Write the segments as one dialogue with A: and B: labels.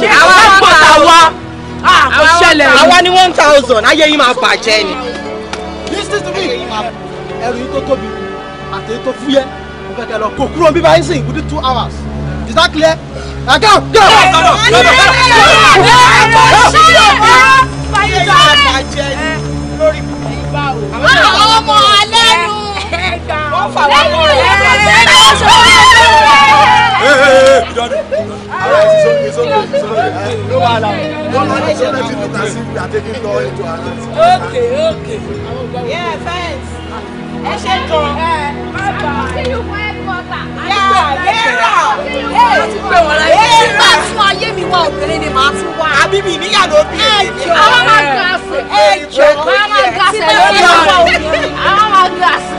A: àwa ń one thousand. wá
B: kò one thousand. àwa ní one thousand ayé yìí máa bàjẹ́ ni. listen to me ẹrù yìí tó tóbi àti èyí tó fúyẹ́ mo fẹ́ kẹ́ lọ kó kúrò bíbá yín sìn within two hours is that clear? na go go. àwọn ọmọ alẹ́ nu.
A: wọ́n fà wá lọ́wọ́.
B: Okay,
C: okay. Yeah, thanks.
A: Ẹ ṣe gan. Bye bye. Yeah,
D: yeah. Hey, hey, bá a tún ayé mi wá obìnrin ni màá tún wá.
A: Àbí
B: mi níyà ló bí èmi ni. Àwọn máa gbà sí. Ẹ jọ àwọn máa gbà sí lórí ọ̀rọ̀.
A: Àwọn máa gbà sí.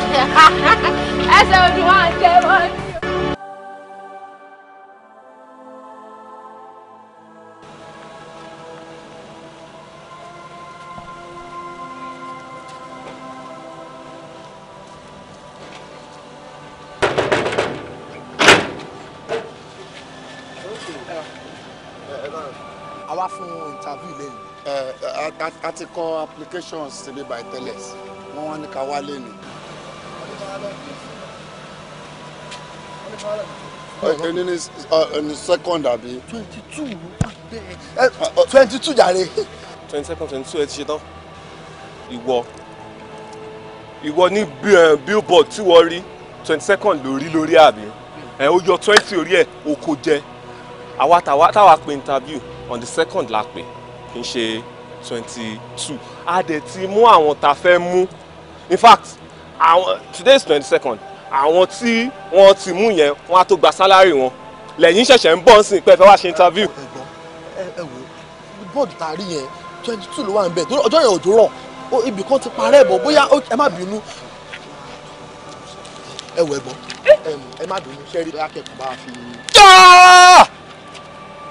A: Ẹsẹ̀
E: ojú wa ń jẹ́
C: Article a ti kọ applications síbi by tẹ́lẹ̀ wọ́n wá ní ká wálé ni. ẹni ní ẹni second àbí. twenty two ló wà bẹ́ẹ̀. twenty
B: two jàre.
E: twenty second twenty two ẹ ti ṣe tán ìwọ ìwọ ní billboard tí wọ́n rí twenty second lórí lórí àbí ẹ ó yọ twenty orí ẹ o kò jẹ àwa táwa táwa pè interview on the second la pè kì í ṣe twenty two a dẹ̀ ti mú àwọn tá a fẹ́ mú in fact àwọn today is twenty second àwọn tí wọ́n ti mú yẹn wọ́n á tó gba sálárì wọn lẹ́yìn ṣẹ̀ṣẹ̀ ń bọ̀ ń sìn pé ẹ fẹ́ wá ṣe interview. ẹ ẹ wo
B: bọ́ọ̀dù tá a rí yẹn twenty two ló wà ń bẹ̀ ọjọ́ yẹn òjò rọ̀ ibì kan ti parẹ́ bọ̀ bóyá ẹ má bínú ẹ wọ ẹbọ ẹ má bínú sẹ́rí akẹ́kọ̀ọ́ bá fi.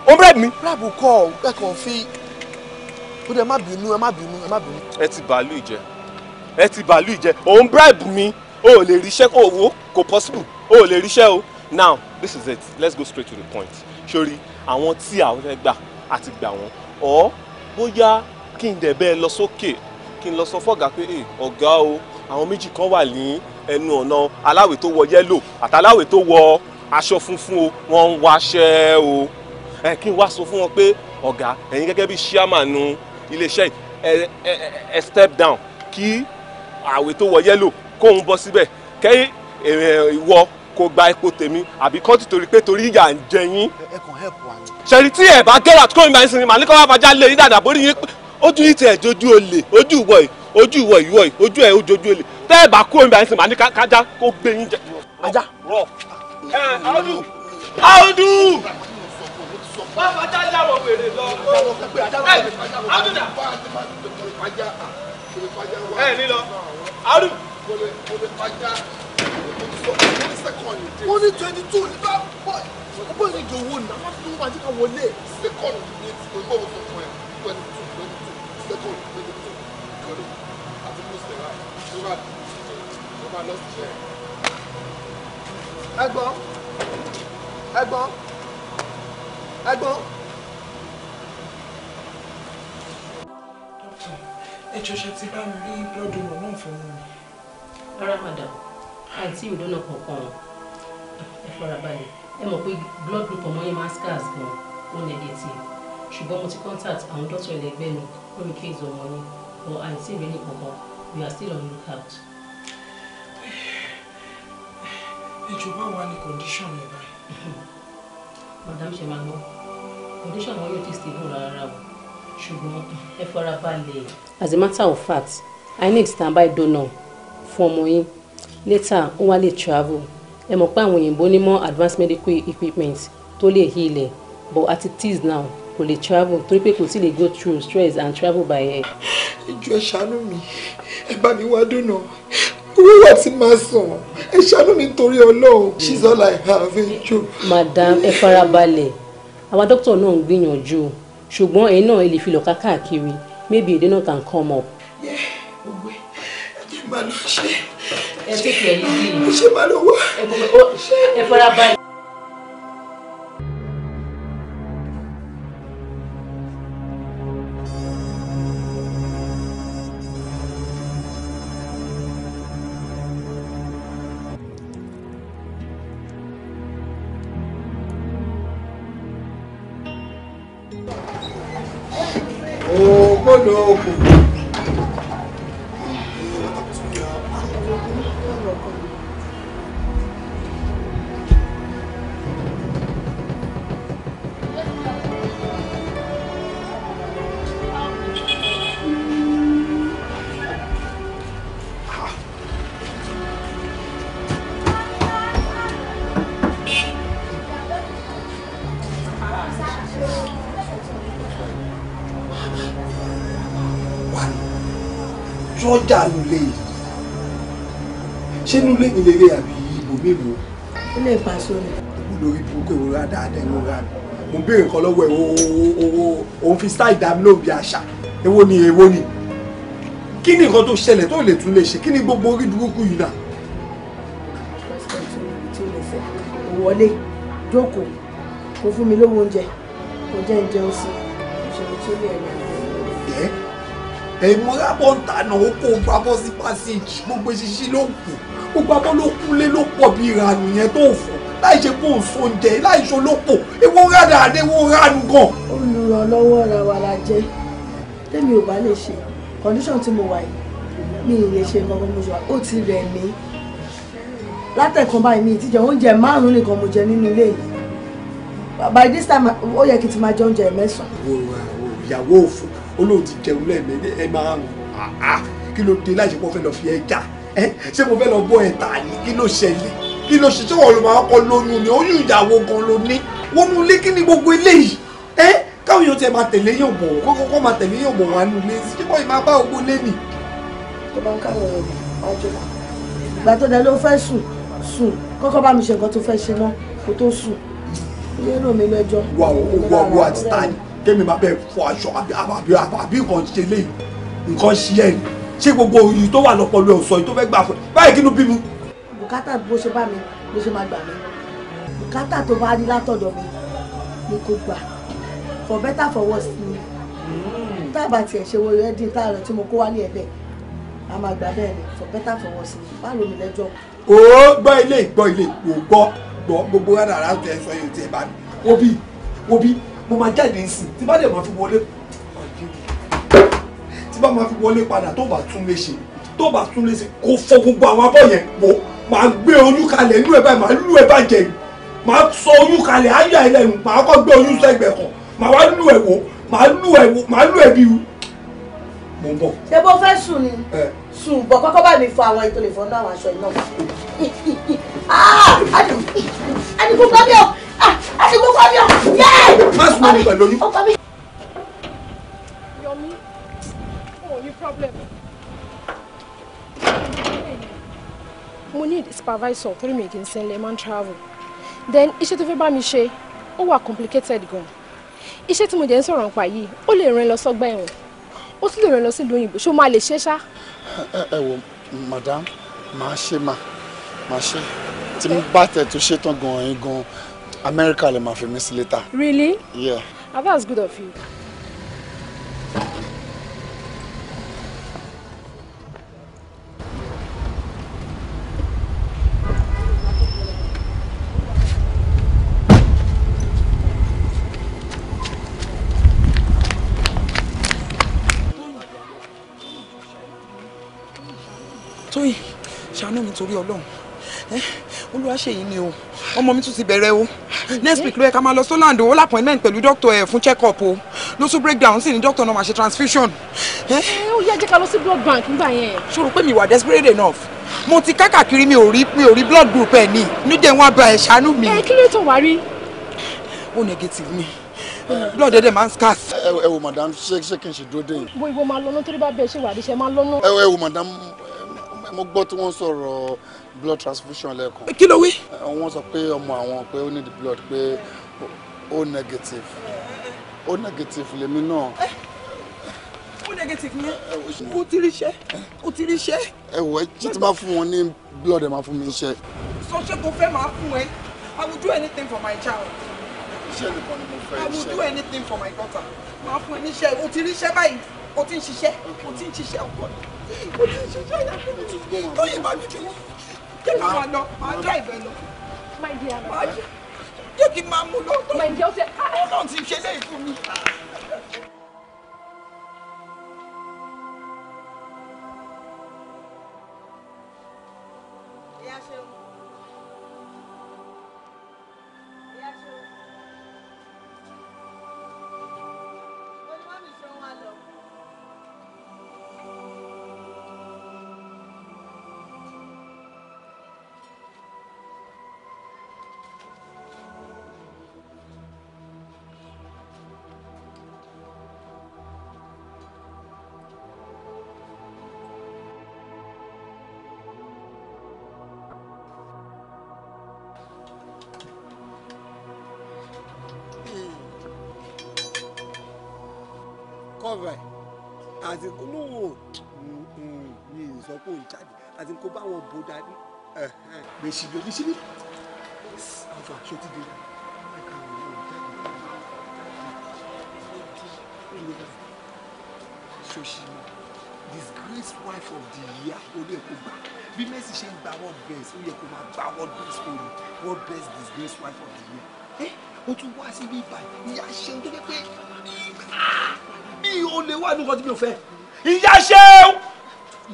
B: ó bẹ́ẹ̀ mi. ráàbù kọ́ ẹ kàn fi ó dẹ̀ má bínú ẹ má bínú ẹ má bínú.
E: ẹ ti bàálù ìjẹ ẹ ti bàálù ìjẹ òun bribe mi o ò lè ríṣẹ́ kó owó kò possible o ò lè ríṣẹ́ o now this is it let's go straight to the point sori àwọn tí àwọn fẹ́ gbà àti gbà wọ́n ọ̀ bóyá kí n dẹ̀ bẹ́ẹ̀ lọ sókè kí n lọ sọ fọ́gà pé ọ̀gá o àwọn méjì kan wà ní ẹnu ọ̀nà aláwẹ̀ tó wọ yẹ́lò àtàláwẹ̀ tó wọ aṣọ funfun o wọ́n ń wáṣẹ́ o ẹ kí n wá sọ fún wọn pé ọ̀gá ẹ̀yin gẹ́gẹ́ bí ṣíàmánu iléeṣẹ́ ẹ ẹ ẹ step down kí àwẹ̀ tó wọ yẹ́lò kóun bọ́ síbẹ̀ kẹ́yìn ìwọ kò gba epo tèmi àbí kọ́ńtì torí pé torí ìyà ń jẹ yín. ẹ kàn help wa ni. ṣẹ̀rí tí ẹ̀ bá gẹ́rà tó ń gba ìsinmi màálí kọ́ wá fàájà lé yín dàdà bórí yín ojú yín tiẹ̀ dojú olè ojú ìwọ yìí ojú ìwọ ìwọ yìí ojú ẹ̀ ojú ojú olè tẹ́ ẹ̀ bá kó ń gba ìsinmi màálí kájá kó gbé yín jẹ. ajá.
B: rọ ẹ áódù áódù wọ́n fàájà yàwọ̀ wèrè lọ. ẹ àdúrà ẹ nílọ àrù. wọ́n ní twenty two ní bá bọ́ ọgbọ́n ní ìjọ owó náà wọ́n fi wọ́n àti ká wọlé. second ní ìgbọ́ wo sọ
C: fún ẹ twenty two twenty two second twenty two kọ́lé àti bùsùn ẹ̀ rà
E: ló bá lọ sí ẹ̀. ẹ̀gbọ́n ẹ̀gbọ́n agbọ́n.
D: dókítà ẹ jọṣẹ ti bá mi rí blood donor náà fún mi. rárá madam àìtí ìdónà kankan ẹ fara balẹ̀ ẹ mọ̀ pé blood group ọmọ yẹn máa scars gan ó negative ṣùgbọ́n mo ti contact àwọn dọ́tọ̀ ẹlẹgbẹ́ mi lórí kéèzì ọmọ yẹn for àìsí ìrẹ́ni kankan we are still on lookout. ìjọba wa ni condition yẹn báyìí. madam ṣe máa gbọ́ condition wọn yóò ti stable rárá o ṣùgbọ́n ẹ fara balẹ̀. as a matter of fact i need standby donor fún ọmọ yín later ó wá lè travel ẹ mọ̀ pé àwọn òyìnbó ní mọ́ advanced medical equipment tó lè heal ẹ̀ but at it is now kò lè travel torí pé kò sí lè go through stress and travel by air. ìjọ ṣàánú mi ẹ bá mi wá dùnà wíwà tí máa sàn ẹ ṣàánú mi nítorí ọlọ́run she's all i have ẹ jọ. madam ẹ farabalẹ̀ àwa dókítà náà ń gbìyànjú ṣùgbọ́n ẹ̀yin náà lè fi lọ́ka káàkiri maybe èdè náà can come up. ẹ
B: ṣe pẹ̀lú bí ẹ ṣe máa lọ wá ẹ farabalẹ̀. lọ́wọ́ ẹ̀ òun fi style dá mi
E: lóhùn bí àṣà èwo ni èwo ni kí ni nǹkan tó ṣẹlẹ̀ tó lè tún lè ṣe kí ni gbogbo orí burúkú yìí náà.
B: wọlé jókòó kò fún mi lówó oúnjẹ kò jẹ́ ǹjẹ́ o sì ìṣòro tó lè ẹ̀rọ. ẹ ẹ̀mọ́ lábọ̀ ń tanà ó kó gbàbọ́ sí pàṣẹ gbogbo ṣíṣí ló kù gbogbo abọ́ ló kúlé ló pọ̀ bí ìranù yẹn tó fọ̀ láì ṣe kó o so oúnjẹ láì ṣe olóko ewo rádà àdé ewo ránu gan.
D: olùrànlọ́wọ́ ra wa la jẹ́
B: tẹ́mi ò bá lè ṣe condition tí mo wà yìí mi ì lè ṣe nǹkan mo ṣe wà ó ti rẹ̀ mí látẹ̀kan báyìí mi ìtìjẹ oúnjẹ márùn-ún nìkan mo jẹ nínú ilé yìí by this time ó yẹ kí n ti máa jẹ oúnjẹ mẹ́sàn-án.
E: ìyàwó òfò olóò ti jẹun lẹ́ẹ̀mẹ́ ẹ máa ń kí ló dé láì ṣe pé wọ́n fẹ́ lọ fi ẹ jà
B: ṣé mo fẹ́ lọ bọ́ ẹ̀ tà ní kí ló ṣẹlẹ̀ kí ló ṣe sọ̀rọ̀ ló máa kọ́ lóyún ni oyún ìyàwó gan ló ní wọnú ilé kí ni gbogbo eléyìí ẹ káwọn èèyàn tiẹ̀ máa tẹ̀lé yàn bọ̀ kọ́ kọ́kọ́ máa tẹ̀lé yàn bọ̀ wá nù lé sí kíkọ́ ìmọ̀ abá ògbó lé nì. tó bá ń káwọn ọ̀rọ̀ wá jọ ìgbà tó dẹ ló fẹ́ sùn sùn kọ́kọ́ bá mi ṣe nǹkan tó fẹ́ ṣe náà kó tó sùn ilé rò mí lẹ́jọ́. wà ó wà ó àti tani kémi máa bẹ fọ aṣọ
E: àbí nǹkan ṣe lé nǹkan ṣe ẹ̀ ṣé gbogbo òyìn tó wà lọ́pọ̀lọpọ̀ ọ̀sọ̀ yìí tó fẹ́ gbà fún ẹ báyìí kí ló bí
B: bùkátà bó ṣe bá mi ló ṣe máa gbà mí bùkátà tó bá ní látọ̀dọ̀ mi ni kò gbà for better for worse ni
D: hmm.
B: tábà tiẹ̀ ṣe wo ẹdín táàrọ̀ tí mo kó wá ní ẹ̀bẹ̀ a máa gbà bẹ́ẹ̀ ni for better for worse ni báwo mi lẹ́jọ́. ó gbọ́ ilé ìgbọ́ ilé ò gbọ́ gbọ́ gbogbo rárá rárá tẹ sọ yóò tiẹ̀ bá mi wo bí wo bí mo máa jáde nsìn tí bá dẹ̀ máa fi wọlé tí bá máa fi wọlé padà tó bá tún lè ṣe tó bá tún lè ṣe kó
E: fọ gbogbo àwọn abọ́ yẹn wò màá gbé oyún kalẹ̀ inú ẹ̀ báyìí màá lù ẹ̀ bàjẹ́ yìí màá sọ oyún kalẹ̀ ayé àìlẹ̀ màá kọ́ gbé oyún sẹ́gbẹ̀ kan màá wá lù ẹ̀ wò màá lù ẹ̀ wò màá lù ẹ̀ bí i
B: mo ń bọ̀. ṣé bó fẹ́ sùn ni sùn bọ̀ kọ́kọ́ bá mi fọ àwọn ètò lè fọ àwọn aṣọ iná. àdìgún ah! kọ́ mi ah! ò àdìgún kọ́ mi ò yẹ́ẹ̀. má sùn mọ́ mi pẹ̀lú oyún. Yomi, oh, you problem
A: mo need supervisor torí mi kì í sẹ́ńlẹ̀ máa travel then iṣẹ́ tó fẹ́ bá mi ṣe ó wà complicated gan iṣẹ́ tí mo jẹ́ ń sọ̀rọ̀ nípa yìí ó lè rìn lọ sọ́gbà ẹ̀wọ̀n ó tún lè rìn lọ sílùú òyìnbó ṣó máa lè ṣe ṣá.
C: ẹ wo madam màá ṣe mà màá ṣe tí mo bá tẹ̀ tó ṣe tán gan-an gan-an Amẹ́ríkà lè máa fi mí sí létà. really? yeah.
A: ah that's good of you.
B: ṣàánú mi torí ọlọ́run olúwa ṣèyí ni o ọmọ mi tún ti bẹ̀rẹ̀ o next week ló yẹ ká máa lọ sólàndó ó lápọ̀nmẹ́ǹt pẹ̀lú doctor ẹ̀ eh, fún check up o ló breakdown sì ní dókítà náà máa ṣe transfusion. ẹ ó yá jẹ́ ká lọ sí blood bank nígbà yẹn. ṣòro pé mi wà desperate enough mo ti kákàkiri mi ò rí mi ò rí blood group ẹ̀ ní níjẹ́ wọn bá ẹ̀ ṣàánú mi. ẹ kí ló tó wá rí. ó negative ni blood ẹ̀dẹ̀ máa ń scarce.
C: ẹ wo madam ṣé ṣé kí n ṣe dúró dé yìí. bo ìwọ máa lọ náà torí bá bẹ ṣe madam mo gbọ́ tí wọ́n sọ̀rọ̀ blood transfusion lẹ́ẹ̀kan. kí ló wí. Eh, wọ́n sọ pé ọmọ àwọn pé ó need blood pé ó negative ó negative lèmi náà. Eh, ó negative ni eh, ó ti rí iṣẹ́ ó ti rí iṣẹ́. ẹ wọ ẹ ṣé tí máa fún wọn ní blood ẹ máa fún mi iṣẹ́.
B: sọ ṣé kò fẹ́ máa fún ẹ I will do anything for my child. iṣẹ́ nìkan ni mo fẹ́ iṣẹ́. I will do anything for my daughter. máa fún ẹ níṣẹ́ o ti rí iṣẹ́ báyìí o ti ń ṣiṣẹ́ o ti ń ṣiṣẹ́ ọkọ mo ti ṣiṣẹ́ ìyàtọ̀ mi tó yìí dear. My dear, wọ́n jẹ́ kí n máa lọ máa dá ìbẹ̀ lọ. máa jẹ́ kí n máa mú lọ tó ọlọ́run ti ṣe léyìí fún mi.
E: kọ́ọ̀fẹ̀ àti kúlóhùn mi ì sọ jáde àti
B: kó bá wọn bó dání
E: gbèsè lórí síbí àfà ṣe ti dé ẹ̀ka àwọn
B: ọmọ disgraced wife of the year ó lè kó gbà bí Messi ṣe ń gba world best ó yẹ kó máa gba world best òní world best disgraced wife of the year ó tún wá síbí báyìí ìyá ṣe ń tó jẹ́ pé. Ah! o lè wà nǹkan tí mi ò fẹ́ ìyá ṣe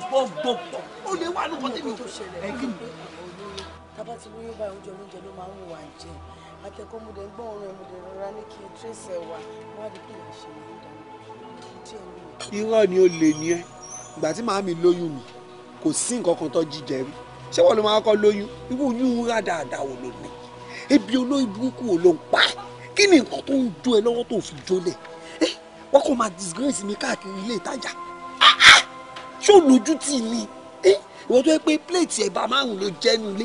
B: gbọgbọgbọ o lè wà nǹkan tí mi ò fẹ́. tábà tí lóyún bá oúnjẹ oúnjẹ ló máa ń wà jẹ àtẹkọ mo dé ń gbọ́n orin mo dé rọra ní kí n tírèsì ẹ wá wá di pìlà ṣe ìdáná irọ́ ni o lè ní ẹ ìgbà tí màámi lóyún mi kò sí nǹkan kan tó jíjẹ rí ṣé wọn ló máa kọ lóyún irú oyún rádaràda wo ló ní ebi olóyún burúkú wo ló ń pa kí ni nǹkan tó ń dún ẹ lọ́wọ́ tó fi jólẹ̀ wọ́n kò máa disgrace mi káàkiri ilé ìtajà ah, ah. ṣó lójú tì mí ìwọ́n tó yẹ pé plate ẹ̀bà márùn-ún ló jẹ́ nílé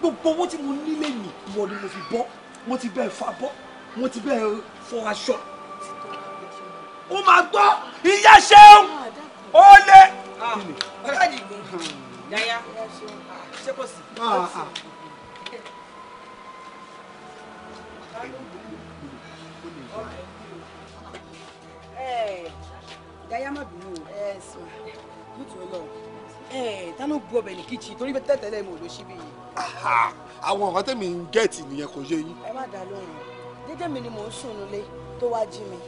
B: gbogbo owó tí mo nílé mi ìwọ ni mo fi bọ́ mo ti bẹ́ẹ̀ fa bọ́ mo ti bẹ́ẹ̀ fọ aṣọ. ó máa gbọ́
D: ìyá ṣeun
B: ó lé. Ah, ọ̀rẹ́ ìgbín yáyá ṣé kò sí. Okay ìdáyà má bínú o yóò tún lọ ta ló bu ọbẹ̀ ní kíchìn torí bẹ́ẹ̀ tẹ́tẹ́lẹ̀ mo lọ síbí yìí.
E: àwọn ọ̀rọ̀ tẹ̀mí ń gẹ̀ẹ́tì nìyẹn kò yé yín.
B: ẹ má dá lóhùn jẹ́jẹ́ mi ni mò ń sùn nulẹ̀ tó wá jí mi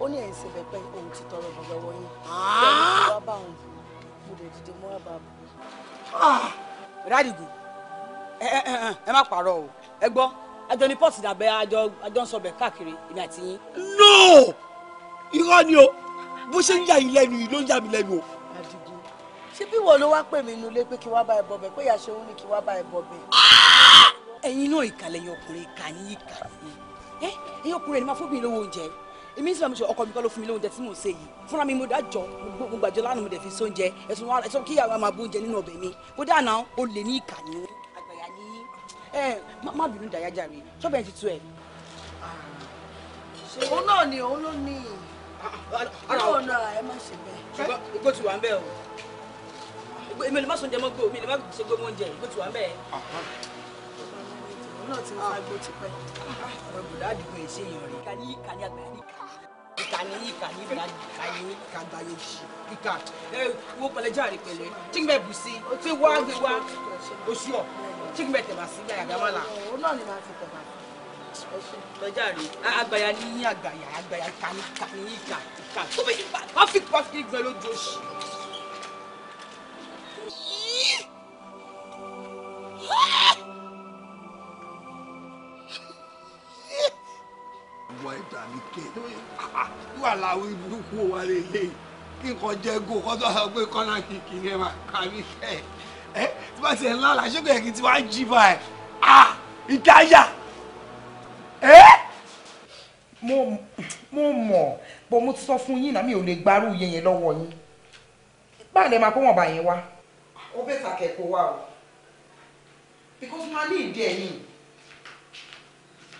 B: ó ní ẹ̀yìn síbẹ̀ pé òun ti tọrọ bọ̀bọ̀ wọ̀nyí. Ah! bẹ́ẹ̀ ni wọ́n bá òun mo lè dìde mọ́ àbá bò. rádìgù ẹ má pààrọ̀ o ẹ gbọ́ àjọ ní pọ́ọ̀sì dàbẹ́ àjọ ń sọbẹ̀ káàkiri ìrìn àtìyín. no irọ́ ni o bó ṣe ń yà yín lẹ́nu yìí ló ń yà mí lẹ́nu o. Àdìgún ṣé bí wọ́n ló wá pè mí nulẹ̀ pé kí wá bá ẹ bọ̀bẹ̀ pé ìyá ṣeun ni kí wá bá ẹ bọ̀bẹ̀. ẹ̀yin náà ìkàlẹ̀ yẹn ọkùnrin ìkà yín ìkà yín ẹ ẹ̀yin ọkùnrin ẹni máa fún obìnrin lówó oúnjẹ èmi ń sọ ọkọ mi kọ́ ló fún mi lóúnjẹ tí mò ń ṣe yìí fúnra mi mo dá jọ mo gbàjọ lánàá mo dẹ̀ fi sóúnjẹ ẹ̀sùn wa ẹ̀sùn kí ìyàwó máa bó oúnjẹ nínú ọbẹ̀ mi kó dáná o lè ní ìkà ni àgbàyà ni ẹ má bínú dàyájà rè ṣọ́bẹ̀ ti tu ẹ̀. òun náà ni òun ló ní i ara wọn náà ẹ má ṣe bẹ́ẹ̀. ṣùgbọ́n igbó ti wà ń bẹ̀ o èmi ò lè má sọ oúnjẹ mọ́ gbó mi ò lè má ṣe gbó mọ́ oúnjẹ igbó ti wà ń bẹ̀. òun náà ti fa ah. igbó tipẹ́. Ah, ọ̀rọ̀ bùdá àdìgbò èsì èèyàn rẹ̀. ìkànnì ìkànnì àgbà ní ìkànnì ìkànnì ìbẹ̀rẹ̀ àgbáyé kàgbáyé jì ìkà ẹ wo pẹlẹjáre pẹ̀lẹ́ tíkìmẹ bù sí tí wàá gbé wá oṣù ọ tíkìmẹ tẹ̀bà sí gbàyàgbà má la. òun náà ni màá fi tẹ̀ lọ́jà rè àgbàyà ni yín àgbàyà àgbàyà kàníkà ni yín kà kà tó bẹ ipa wọ́n fi pọ́fì gbẹ lójú oṣù. wọ ẹ̀dà ní ké wà láwọn ibùdókù wà lélẹ̀ kí nǹkan jẹ́ go kọ́tọ́ àwọn pé kọ́nà kìkì yẹn máa kà mí fẹ́ ẹ tí wọ́n ti ẹ̀ ńlá ah ìdáyà. Eh? mo mọ̀ bó mo ti sọ fún yín náà mi ò lè gbarú iye yẹn lọ́wọ́ yín báà lè máa kó wọn bá yẹn wá. ó bẹ́ẹ̀ ta kẹ̀kọ́ wa o because máa ní ìdí ẹ̀yìn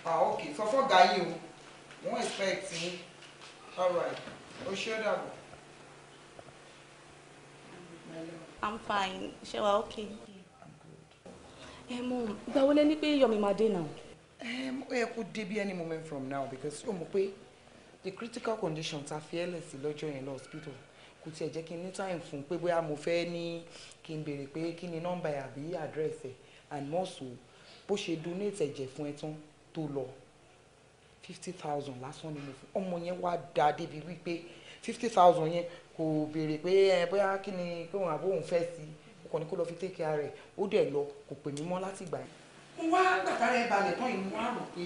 B: ah ok sọ fọ́gà yìí o wọ́n expect yín alright o ṣé dàbọ̀.
D: i'm fine ṣé wàá ok.
A: ẹ eh, mọ̀ gbàwọlé ní pé yọmi máa dé náà ó yẹ
B: kó débi any moment from now because ó mọ̀ pé the critical condition ta fi ẹlẹ̀ sí lọ́jọ́ yẹn lọ hospital kò tiẹ̀ jẹ́ kí n ní time fún pé bóyá mo fẹ́ ní kí n béèrè pé kí ni nọ́mbà ẹ̀ àbí address ẹ̀ and more so bó ṣe donate ẹ̀jẹ̀ fún ẹ tán tó lọ fifty thousand lásán ni mo fún ọmọ yẹn wá da débi wípé fifty thousand yẹn kò béèrè pé ẹ bóyá kí ni kí òun àbó òun fẹ́ sí i kò kó lọ fi take care rẹ̀ ó dẹ̀ lọ kò pè mí mọ́ látìgbà yẹn mo wá gbàtàrà ẹ balẹ̀ tán ìmú wá rò pé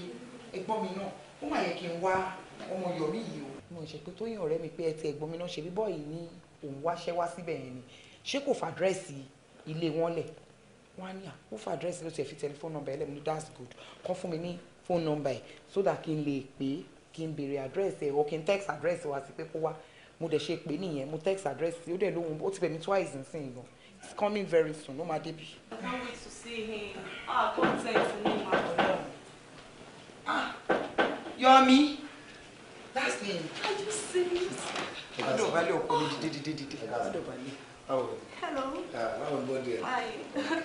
B: ẹ̀gbọ́n mi náà ó mà yẹ kí n wá ọmọ yọ̀mí yìí o. mo ṣe pé tóyìn ọ̀rẹ́ mi pé ẹ ti ẹ̀gbọ́n mi náà ṣe bí bọ́ọ̀yì ní òun wáṣẹ́ wá síbẹ̀ yẹn ni ṣé kò fàdírẹ́sì ilé wọn lẹ̀ wọ́n á ní àpò fàdírẹ́sì ló ti ẹ̀ fi tẹlifóònù nọ́mbà ẹ̀ lẹ́mu that's good kọ́ fún mi ní fóònù nọ́mbà ẹ̀ so that kí n lè pè é kí n béèrè àdírẹ́sì ẹ̀ or kí n text àdírẹ́sì wa sí pé kó wá mo dẹ̀ ṣe pé nìyẹn mo text àdírẹ́sì ó dẹ̀ lóhun ó ti bẹ̀ mí twice nsìn gan it's coming very soon ó máa I can't
D: wait to see him ah content ni ma bọ̀.
B: ah Yomi that's him. are you serious. ọdọ balẹ̀ ọkọ mi dìde dìde dìde ọdọ balẹ̀. Hello. Hello. Báwo ni bọ́dé ẹ?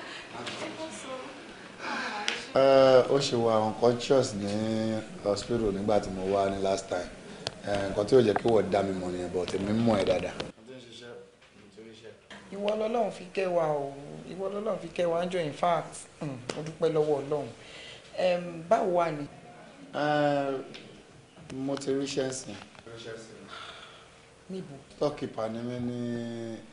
C: Ó ṣe wà unconscious ní hospital nígbà tí mo wá ní last time. Eh, nǹkan tí ò jẹ́ kí wọ́n dá mi mọ̀ nìyẹn but èmi mọ̀ ẹ́ dáadáa
B: ìwọ lọ́lọ́run fi kẹ́ wa o ìwọ lọ́lọ́run fi kẹ́ ń jọ in fact mm, mo dúpẹ́ lọ́wọ́ ọlọ́run báwo wà ní.
C: mo ti ríṣẹ́ sìn. níbo. tọ́kìpà ni mí ní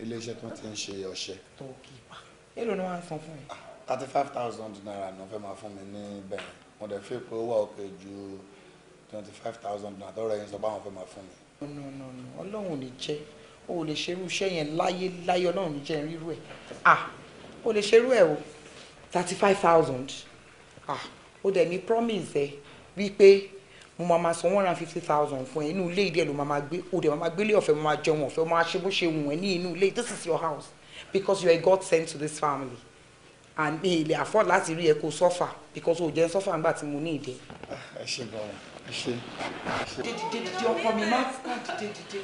C: iléeṣẹ́ tó ti ń ṣe ọṣẹ. tọ́kìpà
B: èlò ni wọ́n á san fún ẹ.
C: thirty five thousand naira ni wọ́n fẹ́ máa fún mi ní bẹ̀rẹ̀ mo dẹ̀ fi pé owó òkè ju twenty five thousand naira tọ́rọ ẹ̀yin sọ báwọn fẹ́ máa fún mi.
B: no no no ọlọ́run ò ní jẹ́ o ò lè ṣerú iṣẹ́ yẹn láyé láyé ọlọ́run ní jẹ́ rírú ẹ̀ ah o lè ṣerú ẹ̀ o thirty five thousand ah o dẹ̀ ní promise ẹ wípé mo máa ma san one hundred and fifty thousand fún ẹ inú ilé ìdí ẹ ló máa ma gbé o dẹ̀ máa ma gbélé ọ̀fẹ́ mo máa jẹun ọ̀fẹ́ mo máa ṣe bó ṣe wù ẹ́ ní inú ilé this is your house because you are a God sent to this family and mi ì afford láti rí ẹ kó suffer because o jẹ́ suffer nígbà tí mo ní ìdẹ. ẹ ah, ṣe gan-an dídídídí ọkọ mi máa ń fún dídídídí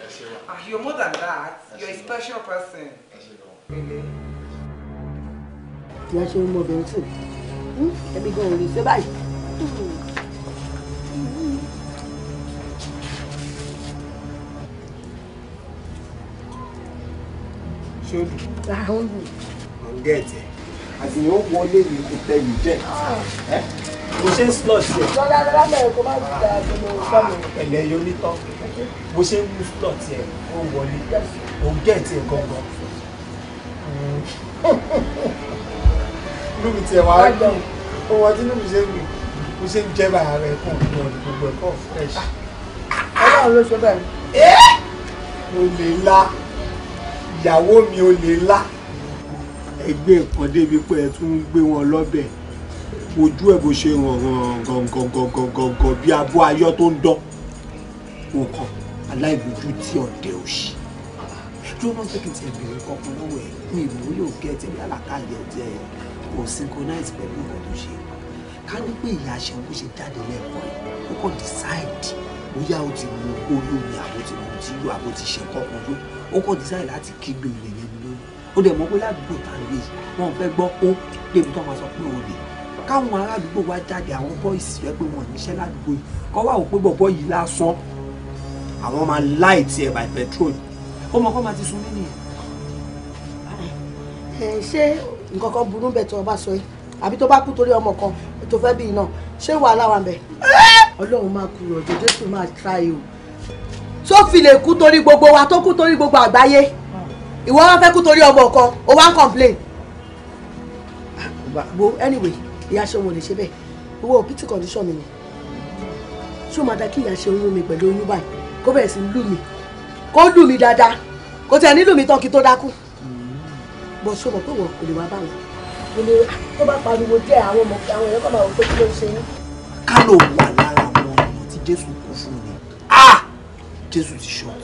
B: ah you more than that You're a special person. ìyá ṣe ń mọ obìnrin tù hm? ẹbí gan ò lè ṣe báyìí. ṣé o dùn? ọ̀hún ah, dùn.
E: ọ̀hún dẹ̀ tẹ̀ àti yóò wọlé yìí kò tẹ̀ yìí jẹ́. Ah bó ṣe ń slush yẹ. lọ́la
B: lọ́la mẹ́rin kó má gba àgbẹ̀lẹ̀ òkúta mi.
E: ẹ̀lẹ́ yóò ní tán bó ṣe ń slush yẹ ó
B: wọlé ó gẹ̀ẹ́tì ẹ̀ gangan. lómi tiẹ̀ wá rí ó wọ́n tí lómi ṣe ń rí bó ṣe ń jẹ́ bàá rẹ̀ kàn ní ọ̀dọ̀ gbogbo ẹ̀kọ́ fresh. ọlọ́run ló ṣe bẹ́ẹ̀. Eh! o
E: lè la ìyàwó mi o lè la ẹgbẹ́ nǹkan débi pé ẹ tún ń gbé wọn lọ́bẹ̀ẹ́ ojú ẹ̀ bó ṣe ràn gàngàngàngàngàn bí abọ́ ayọ́ tó ń dán nǹkan aláìgbójú tí ọ̀dẹ̀ òṣì
B: dúró náà jẹ́ kí n ti ẹ̀bẹ̀rẹ̀ kankan lọ́wọ́ ẹ̀ mi ìmú yóò gẹ́ ẹ tẹ́lẹ̀ alákàyẹ̀ jẹ́ ẹ kò synchronize pẹ̀lú nǹkan tó ṣe ká ní pé ìyá aṣẹ òun ṣe jáde lẹ́ẹ̀kan yìí ó kàn decide bóyá ó ti mú olómi àbó ti mú tí ìlú àbó ti ṣe kankan yó ó kàn decide láti kígbe ìrẹ̀lẹ̀ mi lórí ó dẹ̀ mọ̀ pé ládùúgbò tá a lè wọn fẹ́ gbọ́ ó débi tó máa sọ pé òun lè káwọn aládùúgbò wa jáde àwọn bọ́ìsì rẹ pé wọ́n níṣẹ́ ládùúgbò yìí kọ́ wà wò pé bọ̀bọ̀ yìí lásán àwọn máa láì tiẹ̀ by petrol ọmọ kọ́ máa ti sun nínú yẹn. ẹ ṣé nǹkan kan burú bẹ̀ tó o bá sọ yìí àbí tó bá kú torí ọmọ kan tó fẹ́ bí iná ṣé wàhálà wà ń bẹ̀. ọlọ́run máa kú ọ̀jọ̀ jésù máa try o tó fi lè kú torí gbogbo wa tó kú torí gbogbo àgbáyé ìwọ wá fẹ́ kú torí ọmọ kan o wá ń complain. bo ah, anyway ìyá ṣe wọn lè ṣe bẹ́ẹ̀ owó òkìtì condition mi ni ṣé o máa da kí ìyá ṣe oyún mi pẹ̀lú oyún báyìí kó bẹ̀rẹ̀ sí lù mí kó lù mí dáadáa kó tẹ̀ ní lù mí tán kí tó dákú bọ́ ṣó mọ̀ pé wọ́n kò lè wá bá wọn kò lè tó bá pariwo jẹ́ àwọn ọmọ àwọn èèyàn kan máa wọ pé kí ló ṣe yín. ká ló wà lára àwọn ọmọ tí jésù kú fún mi ah! jésù ti ṣọ́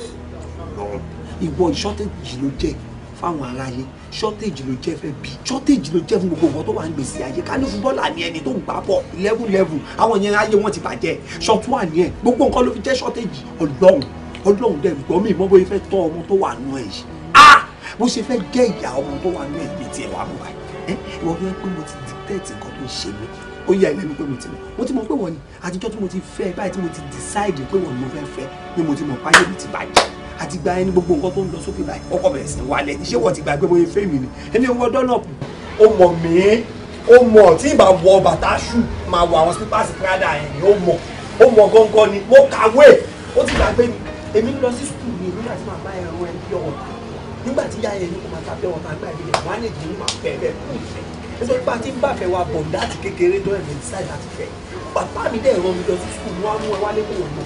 B: ìwọ ìṣọ́tẹ̀ yìí ló jẹ́ fáwọn aráyé shortage ló jẹ́ fẹ́ bí shortage ló jẹ́ fún gbogbo nǹkan tó wà ń gbèsè ayé ká ní fúbọ́ọ̀lù àní ẹni tó ń gbà bọ̀ level level àwọn yẹn ayé wọn ti bàjẹ́ short wà ní ẹ̀ gbogbo nǹkan ló fi jẹ́ shortage ọlọ́run ọlọ́run dẹ̀ gbọ́ mi mọ́ bóyá fẹ́ tọ́ ọmọ tó wà nù ẹ̀ yìí ah bó ṣe fẹ́ jẹ́ ìyá ọmọ tó wà nù ẹ̀ yìí tiẹ̀ wà mú wa ẹ ìwọ fẹ́ pé mo ti dictate nǹkan tó ń ṣe mí ó yà ẹlẹ́nu pé mo ti mọ̀ mo ti mọ̀ pé wọ́n ni àtijọ́ tí mo ti fẹ́ báyìí tí mo ti decide pé wọ́n ni mo fẹ́ fẹ́ ni mo ti mọ̀ páyé mi ti bàjẹ́ àti gba ẹni gbogbo nǹkan tó ń lọ sókè báyìí ọkọ bẹ̀rẹ̀ sí wálẹ̀ ṣé wọ́n ti gbàgbé bóyá fẹ́mi ni èmi wọ dọ́nàpù ó mọ̀ mí ó mọ̀ tí ì bá wọ bàtà ṣù máa wọ àwọn sípàsì prada ẹ̀ ni ó mọ̀ ó mọ̀ gángan ni mo kàwé ó ti gbàgbé mi èmi lọ sí sùkúù mi nígbà tí màá bá ẹran ẹ bí ọwọ́ ta nígbà tí yá ẹni kò máa ta bẹ́ẹ̀ wọn máa gbà ìbílẹ̀ wọn á lè dín máa fẹ́ bẹ́ẹ̀ kú ìfẹ́ nítorí pé a ti ń bàfẹ́ wa bọ̀ láti kékeré tó ẹ̀mí ṣáì láti fẹ́ bàbá mi dẹ̀ rán mi lọ sí sùkúù wọn á mú ẹ wálé kó wọn lọ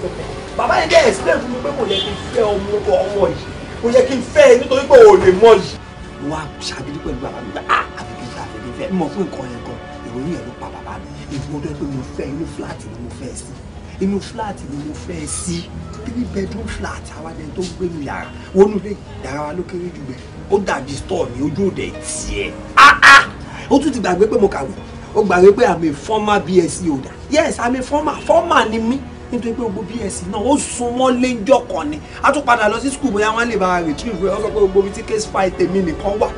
B: bàbá yẹn dẹ́ explain fún mi pé mo yẹ kí n fẹ́ ọmọ ọkọ ọmọ yìí mo yẹ kí n fẹ́ nítorí pé o lè mọ yìí. mo wá ṣàbílí pẹ̀lú bàbá mi ah, pé a àbíbí ṣe àbíbí fẹ́ mọ̀ fún nǹkan yẹn gan ìròyìn yẹn ló pa bàbá mi ìfowó pé mo fẹ́ inú fúláàtì ni mo fẹ́ sí inú fúláàtì ni mo fẹ́ sí three bedroom flat àwa dẹ̀ tó gbé mi yàrá wọnú lé yàrá wa ló kéré jù bẹ́ẹ̀ ó dàbí store mi ojú òde tiẹ̀ ah, ah! ó tún ti gbàgbé pé mo kàwé ó gbàgbé pé àmì former BSc e holder yes àmì former former ni mí pé pé gbogbo bs náà ó sun wọ́n lé ni a tún padà lọ sí skul bóyá wọ́n lè bá retrieve wọ́n sọ pé gbogbo ibi tí case file tèmi nìkan wà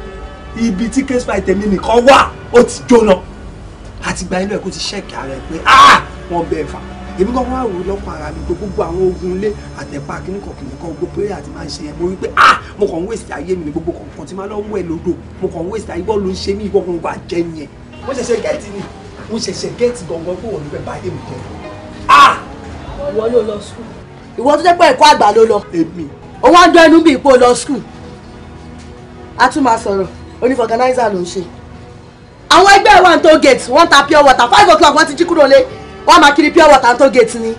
B: ibi tí case file tèmi nìkan wà ó ti jóná àti gba ilé ẹ̀kọ́ ti ṣẹ́ẹ̀kì ara ẹ̀ pé ah! wọ́n bẹ̀ fà èmi kọ́ wá rò lọ́kàn ara mi gbogbo àwọn ogun ilé àtẹ̀pá kìnnìkan kìnnìkan gbogbo prayer ti máa ń ṣe yẹn mo rí ah mo kàn ń wéṣì ayé mi ní gbogbo kọ̀ọ̀kan tí máa lọ́ wẹ̀ lódò mo kàn ń wéṣì ayé bọ́ọ̀lù ń ṣe mí ìwọ́n kan bàjẹ́ yẹn mo ṣẹ̀ṣẹ̀ gẹ́ẹ̀tì ni mo ṣẹ̀ṣẹ̀ gẹ́ẹ̀tì gangan fún òun nípa ìbáyé mi jẹ́ ìwọ ló lọ skul. ìwọ tó jẹ́ pé ẹ̀kọ́ àgbà ló lọ. èmi. òun á jọ inú bí ipò lọ skul. a tún máa sọ̀rọ̀ onífọ̀gánáísà ló ń ṣe. àwọn ẹgbẹ́ wa ń tó gate wọ́n ta pure water five o'clock wọ́n ti jí kúrò lé wọ́n máa kiri pure water ń tó gate ni.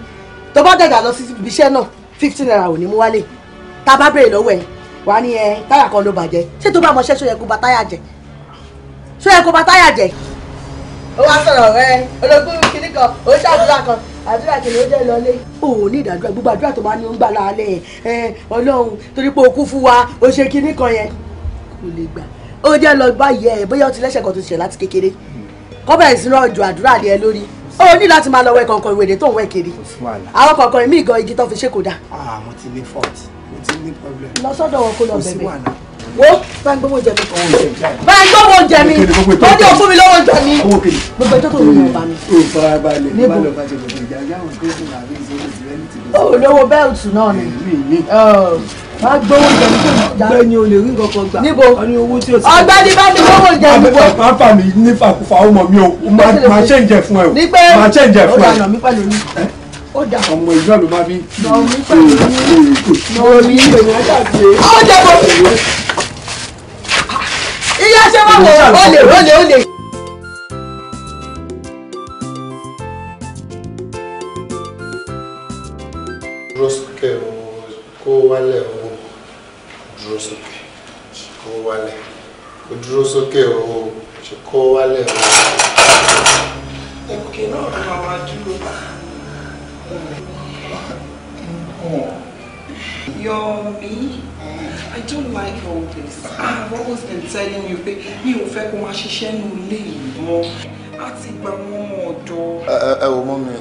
B: tó bá dẹ̀gà lọ sí ibi iṣẹ́ náà fifteen naira ò ní mú wálé tá a bá béèrè lọ́wọ́ ẹ̀ wà á ní ẹ táyà kan ló bàjẹ́ ṣé tó bá mọṣẹ́ ṣó yẹ kó bà táyà jẹ́ ṣó yẹ kó bà táyà jẹ́. ó wá sọ̀rọ̀ rẹ ológun kìnnìkan ó ṣàdúrà kan àdúrà kìlọ̀ ó jẹ́ lọlé. o ò ní ìdádúrà gbogbo àdúrà tó máa ní ó ń gbà lálẹ́ ẹ ọlọ́run torí pé o kú fún wa o ṣe kinní kan yẹn kò lè gbà ó jẹ́ lọ báyìí ẹ bóyá o ti lẹ́sẹ̀ kan tó ti ṣẹ̀ láti kékeré kọ́bẹ̀ ìsinú ọjọ́ àdúrà lé lórí o ní láti máa lọ wẹ kankan ìwé tó ń wẹ kiri àwọn kankan ìmí ìgan igi tó fi ṣe kò dáa. Ah, àmọ́ ti ní fọ́ọ̀tì mo ti ní problem. lọ sọ́dọ̀ wọn kó lọ bẹ̀bẹ̀. kò sí wo bá ń gbówó jẹ mi. bá ń gbówó jẹ mi wọ́n ní òfún mi lọ́wọ́ jẹ mi. gbogbo ẹjọ́ tó lóyún ọba mi. o fara balẹ̀ níbo olówó bẹ́ẹ̀tù náà ni má gbówó jẹ mi tó jà. bẹ́ẹ̀ ni o lè rí nǹkan gbà. níbo ọgbẹ́ni bá ní gbówó jẹ mi.
E: má fà mí ní fàkùfà ọmọ mi o má ṣe ń jẹ fún ẹ o má ṣe ń jẹ fún ẹ. ó dànù mi
B: pẹ̀lú mi ó dà. ọmọ ìjọ ló má bí. ọmọ ìjọ ló má ṣe wá wò ó lè ó lè ó lè.
C: dúró kó wálẹ̀ o dúró kó wálẹ̀ o dúró o kó wálẹ̀ o. òkè náà máa wá dúró bá.
B: Yọ̀mí. I don't like all this. I have always been telling you pé mi ò fẹ́ kó máa ṣiṣẹ́ ní ilé yìí mọ́. A ti gba wọn mọ́
C: ọ̀dọ́. Ẹ wo mọ́ mi,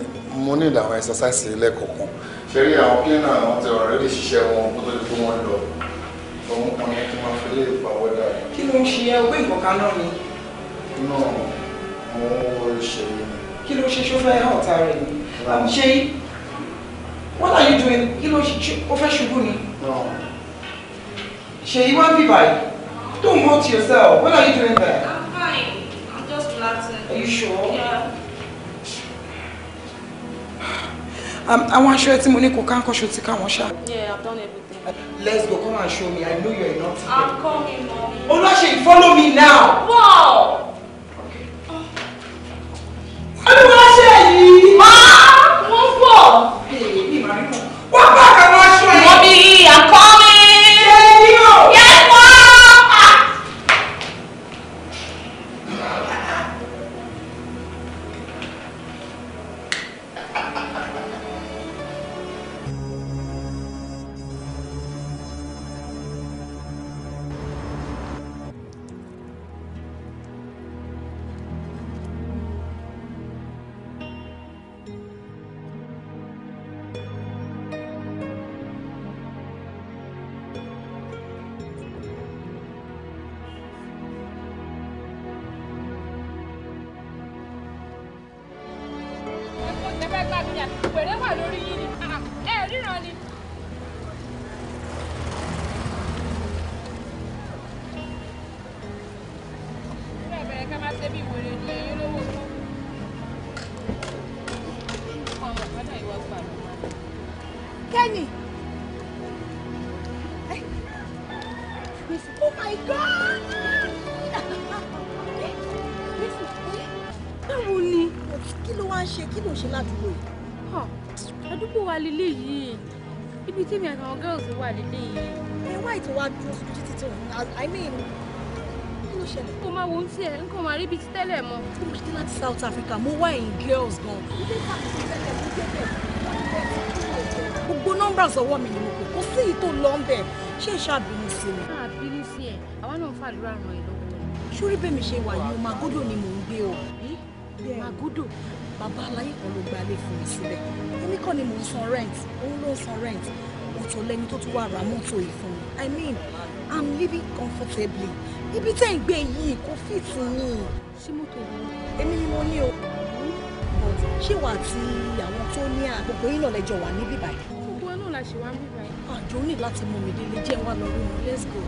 C: mo ní ìlànà exercise ilé kọ̀ọ̀kan. Ṣẹ́rí àwọn cleaner àwọn tẹ ọ̀rẹ́ lè ṣiṣẹ́ wọn kó tó di pé wọ́n lọ. Òun kan ni kí n máa fi lè pa wẹ́dà. Kí
B: ló ń ṣe ẹ owó ìkọ̀kan náà ni? Náà, mo wo ìṣèlú ni. Kí ló ṣe ṣó fẹ́ hàn tààrẹ ni? Àmì ṣe, what are you doing? Kí ló ṣe ó fẹ́ ṣubú ni? Náà. Shay, you won't be by. Don't hurt yourself. What are you doing there? I'm
A: fine. I'm just relaxing. Are you sure? Yeah.
B: I want to show mo ní kò káńkọ́ ṣo ti káwọn ṣá.
A: Yeah, I've done everything.
B: Let's go, come and show me. I know you're not here.
A: I'm coming, mommy. Olúwaṣeyì, follow me now.
B: Wow! Okay. Oh.
A: Oh, Ma, Olúwaṣeyì! Má! hey, ń bọ̀! Wá bá ládùúgbò yìí. àdúgbò wa lílé yìí ibi tí mi àtàwọn girls wà lílé yìí. ẹ wá ètò wa dúró sójú títí tó i mean ló ṣẹlẹ̀. kò máa wo ti ẹ̀ ń kàn máa rí ibi títẹ́lẹ̀ mọ́. ó mú ṣe láti South Africa mo wá ẹ̀yìn girls gan. ilé pàṣẹ ìtẹ́lẹ̀ ló débẹ̀
B: gbogbo nọ́mbà sọ́wọ́ mi ni mo kò kó sí ìtò lọ́ńbẹ̀ ṣé ìṣàbínú
A: sí mi. àbínú sí ẹ àwa náà fàdúrà ràn ẹ lọ́wọ́ sórí bẹ́ẹ̀ mi ṣe wà ní ọmọ ni mò ń gbé o. ọmọ bàbá aláyé kan ló gba ilé fún mi síbẹ̀
B: èmi kọ́ ni mò ń san rent òun ló ń san rent ọ̀tọ̀ lẹ́ni tó tún wá ra mọ́tò yìí fún mi i mean i'm living comfortably ibi tẹ́ ń gbé yìí kò fit mi.
D: ṣé mọ́tò yìí
A: èmi ni mo ní o but
B: ṣé wà á ti àwọn tó ní
D: àgbègbè yìí náà lẹ́jọ́ wà níbí báyìí.
A: gbogbo ẹ náà la ṣe wá níbí báyìí. àjò ní láti mú mi délé jẹ́ wá lọ let's go.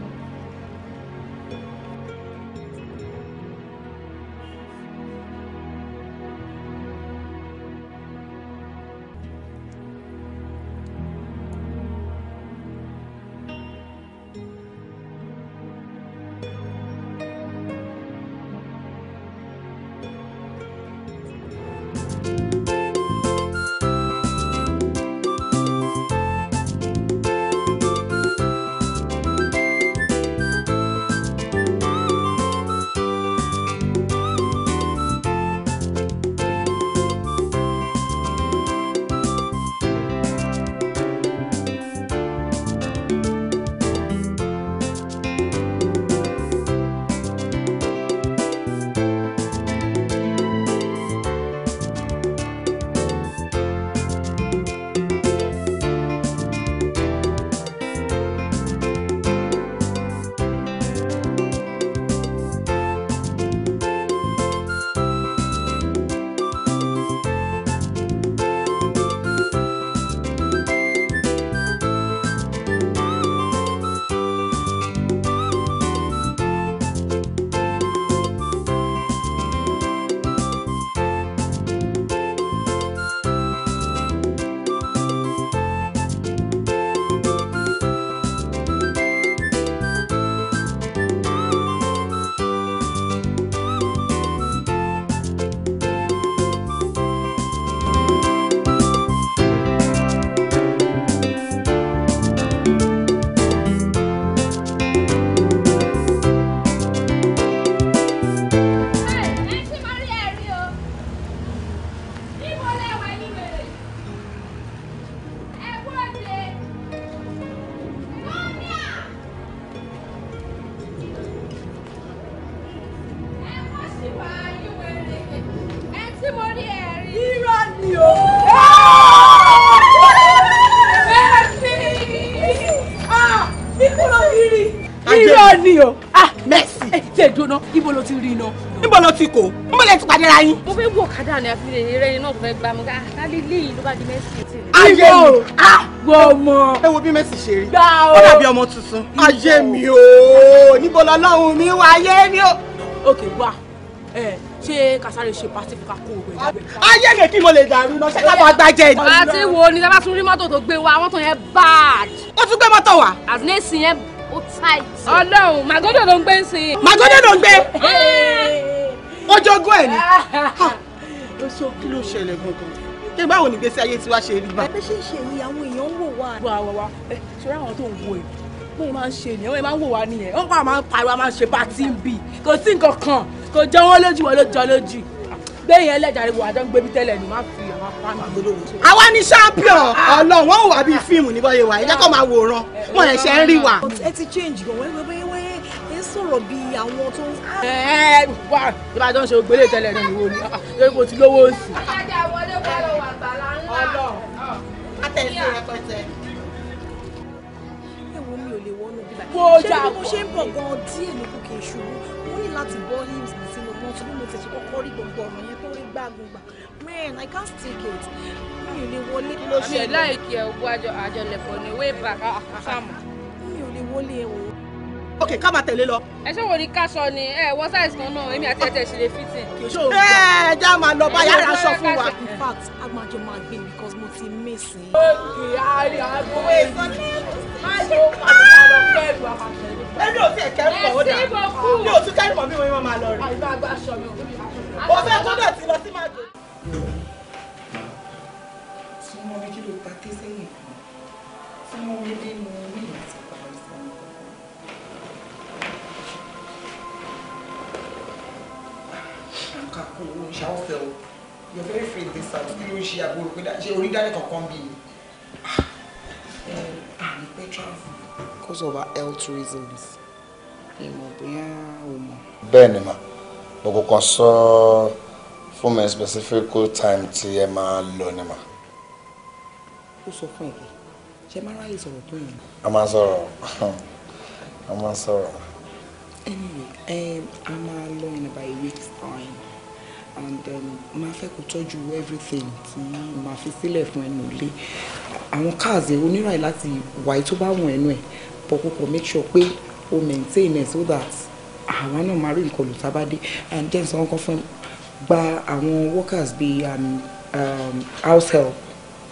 A: náà ni a fi lè eré iná tó fẹ́ gbà mú ká kálí léyìí ló bá di Messi tì. ayé mi
B: àgbọ̀ ah! ọmọ. ẹ wo bí Messi ṣe rí ó dàbí ọmọ tuntun. ayé mi o níbo lọ́lọ́run mi wá ayé mi o. òkè wá
A: ẹ ṣé kasare ṣe pàṣẹ fún kakó òwe lábẹ.
B: ayé mi kí mo lè dàrú náà ṣé kábàá gbàjẹ ni. àti
A: wo ni sábà tún rí mọ́tò tó gbé wa mọ́tò yẹn bad. ó tún gbé mọ́tò wá. àtúnṣe yẹn ó tight. ọlọ́run màgódò ló ń gbé ń sìn. màgódò ló ń gbé. ó
B: jogún ni. sọ kí ló ṣẹlẹ̀ gangan ṣé báwo ni gbèsè ayé tiwa ṣe rí bá. ẹgbẹ́ ṣe ń ṣe yìí àwọn èèyàn ń wò wá. wà wà wà ẹ ṣọlá àwọn tó ń wo ẹ bó máa ń ṣe nìyẹn wọn máa ń wò wá nìyẹn wọn kọ́ máa ń pariwo máa ń ṣe pàtí ń bì kò sí nǹkan kan kò jọ wọn lójú wọn ló lójú bẹ́yìn ẹlẹ́jàre wò àjọ ń gbé tẹ́lẹ̀ ni máa fi àwọn apáná gbólóhùn àwa ni champion ah. ọlọ́run wọn ò wá bíi fíìmù níbọ̀ yẹn wà ẹ jẹ́ kó máa wòran wọn ẹ̀ṣẹ̀ sọ̀rọ̀ bí àwọn tó ń. ẹ ẹ wá ìbájọ́ ṣe gbélé tẹ́lẹ̀ ní ìwò ni lórí ti lówó oṣù.
A: ọjà wọlé wà wà gbàlá ńlá. ọlọ àtẹ̀sí rẹpẹtẹ. ẹ mi ò lè wọnú bí
B: báyìí. ṣé bí mo ṣe ń bọ̀ gan-an díẹ̀ ló kù kì í ṣubú mo ní láti bọ́ ní ìsinmi mọ́ tí mo tẹ̀sí
A: kọ́kọ́ rí gbogbo ọ̀rọ̀ yẹn tó rí gbàgbọ́gbà man I can't take it mi ò lè wọlé. mo ṣe láìkí ẹ̀ wájọ àjọlẹ̀fọ̀ ni way sáàmù. Ah, ah, ah, mi ò lè wọlé ẹ̀ wò
B: ok ká máa tẹ̀lé
A: lọ. ẹ ṣé wo ni káṣọ ni ẹ wọ size kan náà èmi àti ẹtẹ ṣì lè fit
D: in. ẹ ẹ já máa lọ bá yàrá aṣọ fún wa. in fact a máa jọ máa
A: gbé because mo ti mèsì. òkè
D: ayé àgbọ̀wé ìsọ̀kè
A: máa yọ máa lọ kẹ́rù àmàtẹ̀lẹ̀. ẹni ò tí ẹ kẹ́rù mọ́ ó dà ní òtún kẹ́rù mọ́ mi wọ́n máa lọ rẹ̀. àìsàn àgbà aṣọ mi ò kúrò
B: aṣọ mi. òfẹ́ tó dẹ̀ ti lọ sí máa jò. súnmọ́ mi kí ló ta tẹ́sẹ̀yìn fún mi súnmọ́ mi dé mi ní ìlú ká kó o ń ṣàwọ́fẹ́ o you're very free in this kí ló ń ṣe àbúrò pé ṣe orí dání kankan bí mi. àmì pé travel. because of our health reasons.
C: ìmọ̀ bóyá o mọ̀. bẹ́ẹ̀ ni mà mo kò sọ fún mi specific time tí ẹ máa lọ ni mà.
B: ó sọ fún ẹ̀kẹ́ ṣe máa ráyè sọ̀rọ̀ tó yẹn. a máa sọ̀rọ̀ a máa sọ̀rọ̀. anyway um, a máa lọ in about a time and um, máa fẹ́ kó tọ́jú everything tí máa fi sílẹ̀ fún ẹnu ilé àwọn káàzì onírà yìí láti wàyí tó bá wọ̀n ẹnu ẹ̀ pọ̀ make sure pé o maintain ẹ̀ so that àwa náà máa rí nǹkan lò tá and then sọ nǹkan fún gba àwọn workers bíi um, um, house help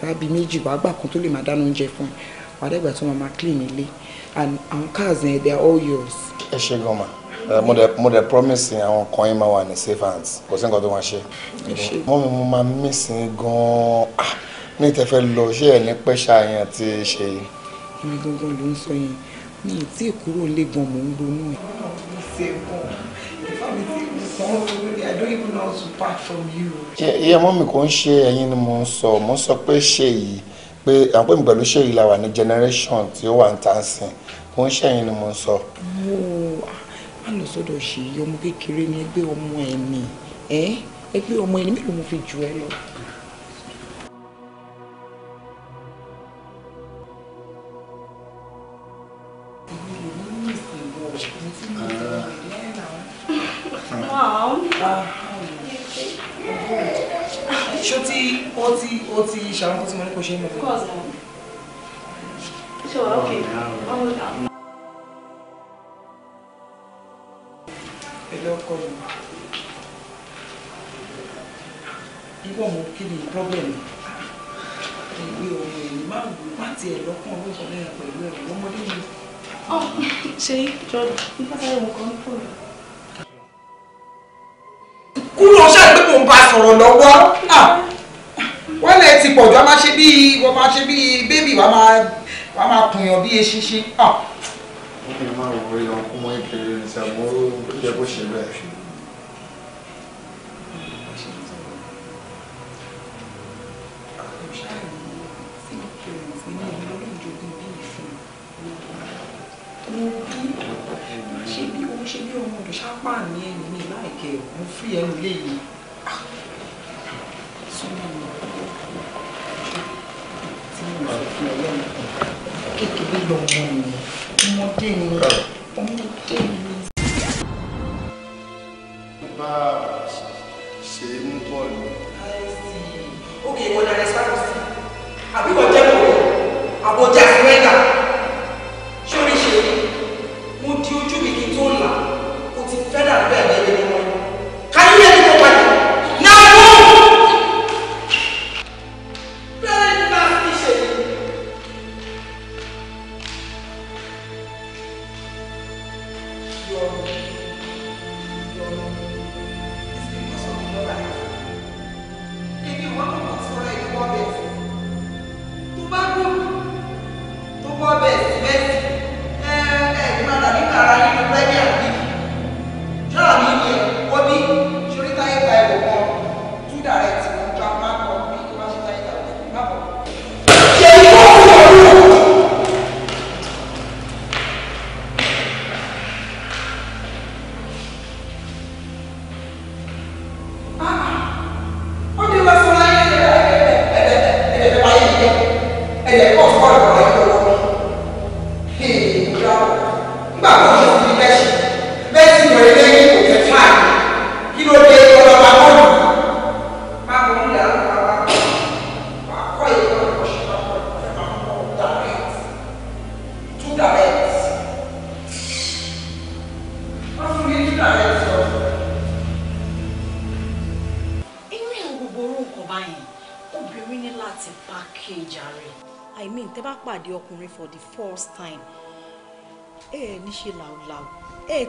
B: tàbí méjì wàá gbà kan tó lè máa dáná oúnjẹ fún ẹ wàá dẹ́gbàá tó máa máa clean ilé and àwọn cars yẹn they are all yours. ẹ ṣe gan-an
C: Eh, mo dẹ̀ mo dẹ̀ promise àwọn kan yín máa wà ní safe hands kò sí nǹkan tó máa ṣe. mọ́ mi mo máa mísìn gan-an ní ah, ìtẹ́fẹ́ lọ ṣé ẹ̀ ní pẹ́ṣà yẹn ti ṣe yìí.
B: èmi gangan ló ń sọ yẹn mi ì tí ì kúrò lé gan mò ń ronú ẹ. I don't even know to part from you.
C: Ìyá mọ́ mi kò ń ṣe ẹ̀yin ni mo ń sọ mo ń sọ pé ṣe yìí pé àwọn pèmí ṣe yìí la wà ní generation tí ó wà ń tà ń kò ń ṣe ẹ̀yin ni mo ń sọ.
B: Ah, má lọ sọ́dọ̀ ṣèyí ọmọ kékeré ní ẹgbẹ́ ọmọ ẹ̀mí ẹ ẹgbẹ́ ọmọ ẹ̀mí mélòó mo fi jù ẹ lọ. ṣàwọn kó tí mo ní kó ṣe
D: é mọ̀. Ṣé wà ókè? Ọmọ ìgbà. pẹ̀lú ọkọ mi
B: nígbà mo kéde pọ́bẹ̀mù ìwé ohun èlò má wù má tiẹ̀ lọ́kàn ló sọ lẹ́yìn pẹ̀lú ẹ̀rọ ọmọdé mi.
A: ṣé jọ nípa sáré mo kàn ń pò lọ.
B: kúrò ṣàgbé mò ń bá sọ̀rọ̀ lọ́wọ́ wọ́n lẹ̀ ti pọ̀jù a máa ṣe bíi wọ́n máa ṣe bíi bébì wọ́n máa kùnyàn bíi eṣinṣin ó Thank
D: you kékeré lọ́wọ́ ni
C: ọmọdé ni ọmọdé ni. bá a ṣe ń bọ̀ ni.
B: ok mo dára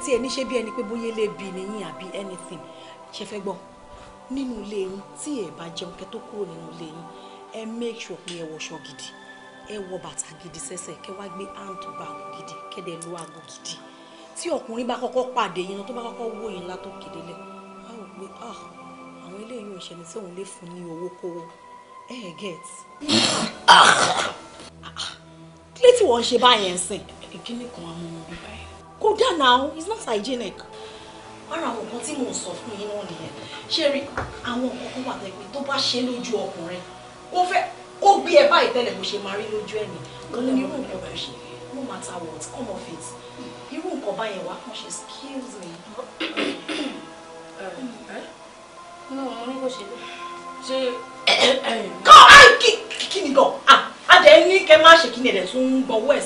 D: tí ẹ ní ṣe bí ẹni pé bóyá lè bí nìyín àbí anything ṣe fẹ́ gbọ́ nínú ilé yín tí ẹ bá jẹun kẹ́ tó kúrò nínú ilé yín ẹ make sure pé ẹ wọṣọ gidi ẹ wọ bàtà gidi sẹ́sẹ̀ kẹ́ wá gbé handbag gidi kẹ́dẹ̀ lo aago gidi tí ọkùnrin bá kọ́kọ́ pàdé yín tó bá kọ́kọ́ wò yín látó kéde lẹ̀ á rò pé ah, àwọn eléyìí ò ṣẹlẹ̀ tí òun lè fún ní owó kówó ẹ ẹ get. Ah.
B: Ah, kílé tí wọ́n ṣe báyẹn sìn. ìkíní kan amóhun bíbá kódà now it's not hygienic. ara àwọn nǹkan mo mò ń sọ fún yín náà nìyẹn ṣé rí àwọn nǹkan kan wà tẹ́ pé tó bá ṣe lójú ọkùnrin ó fẹ́ ó gbé ẹ báyìí tẹ́lẹ̀ bó ṣe máa rí lójú ẹ̀ ní lọ́nà irú nǹkan bá ṣe no matter what come of it
A: irú nǹkan báyẹn wà kàn ṣe excuse me. no mo ní kò ṣe ṣe. kọ́ ah, kí ni gan-an
B: ah, a dẹ̀ ní kẹ́ má ṣe kí ni ẹ̀ tún gbọ́wọ́ ẹ̀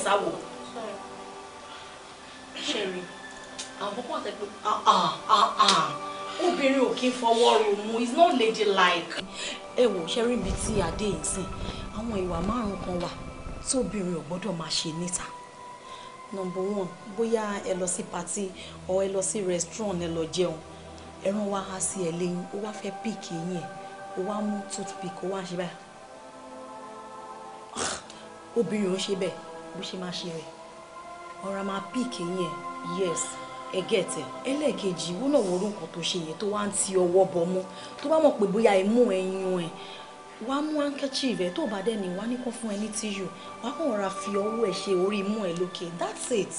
D: ah ah ah ah obìnrin ò kí ń fọwọ́ ronú is not lady like. ẹ wò ṣe rí ibi tí adé yìí sìn àwọn ìwà márùn-ún kan wà tí obìnrin ò gbọ́dọ̀ máa ṣe níta number one bóyá ẹ lọ sí party or ẹ lọ sí restaurant ẹ lọ jẹun ẹran wa há sí ẹ lẹ́yìn ó wá fẹ́ pick eyín ẹ ó wá mú toothpick ó wá ṣe báyìí obìnrin ò ń ṣe bẹ́ẹ̀ bó ṣe máa ṣe rẹ̀ ọ̀rọ̀ máa pick eyín ẹ yes ẹgẹ́tẹ̀ ẹlẹ́ẹ̀kejì ìwọ náà wo orúkọ tó ṣe yẹn tó wá ń ti ọwọ́
B: bọ mọ́ tó bá mọ̀ pé bóyá imú ẹyin ẹ̀ wàá mú handkerchief ẹ̀ tó bá dẹ̀ wàá ní kó fún ẹ ní tíyù wàá kàn rọra fi ọwọ́ ẹ̀ ṣe orí imú ẹ̀ lókè that's it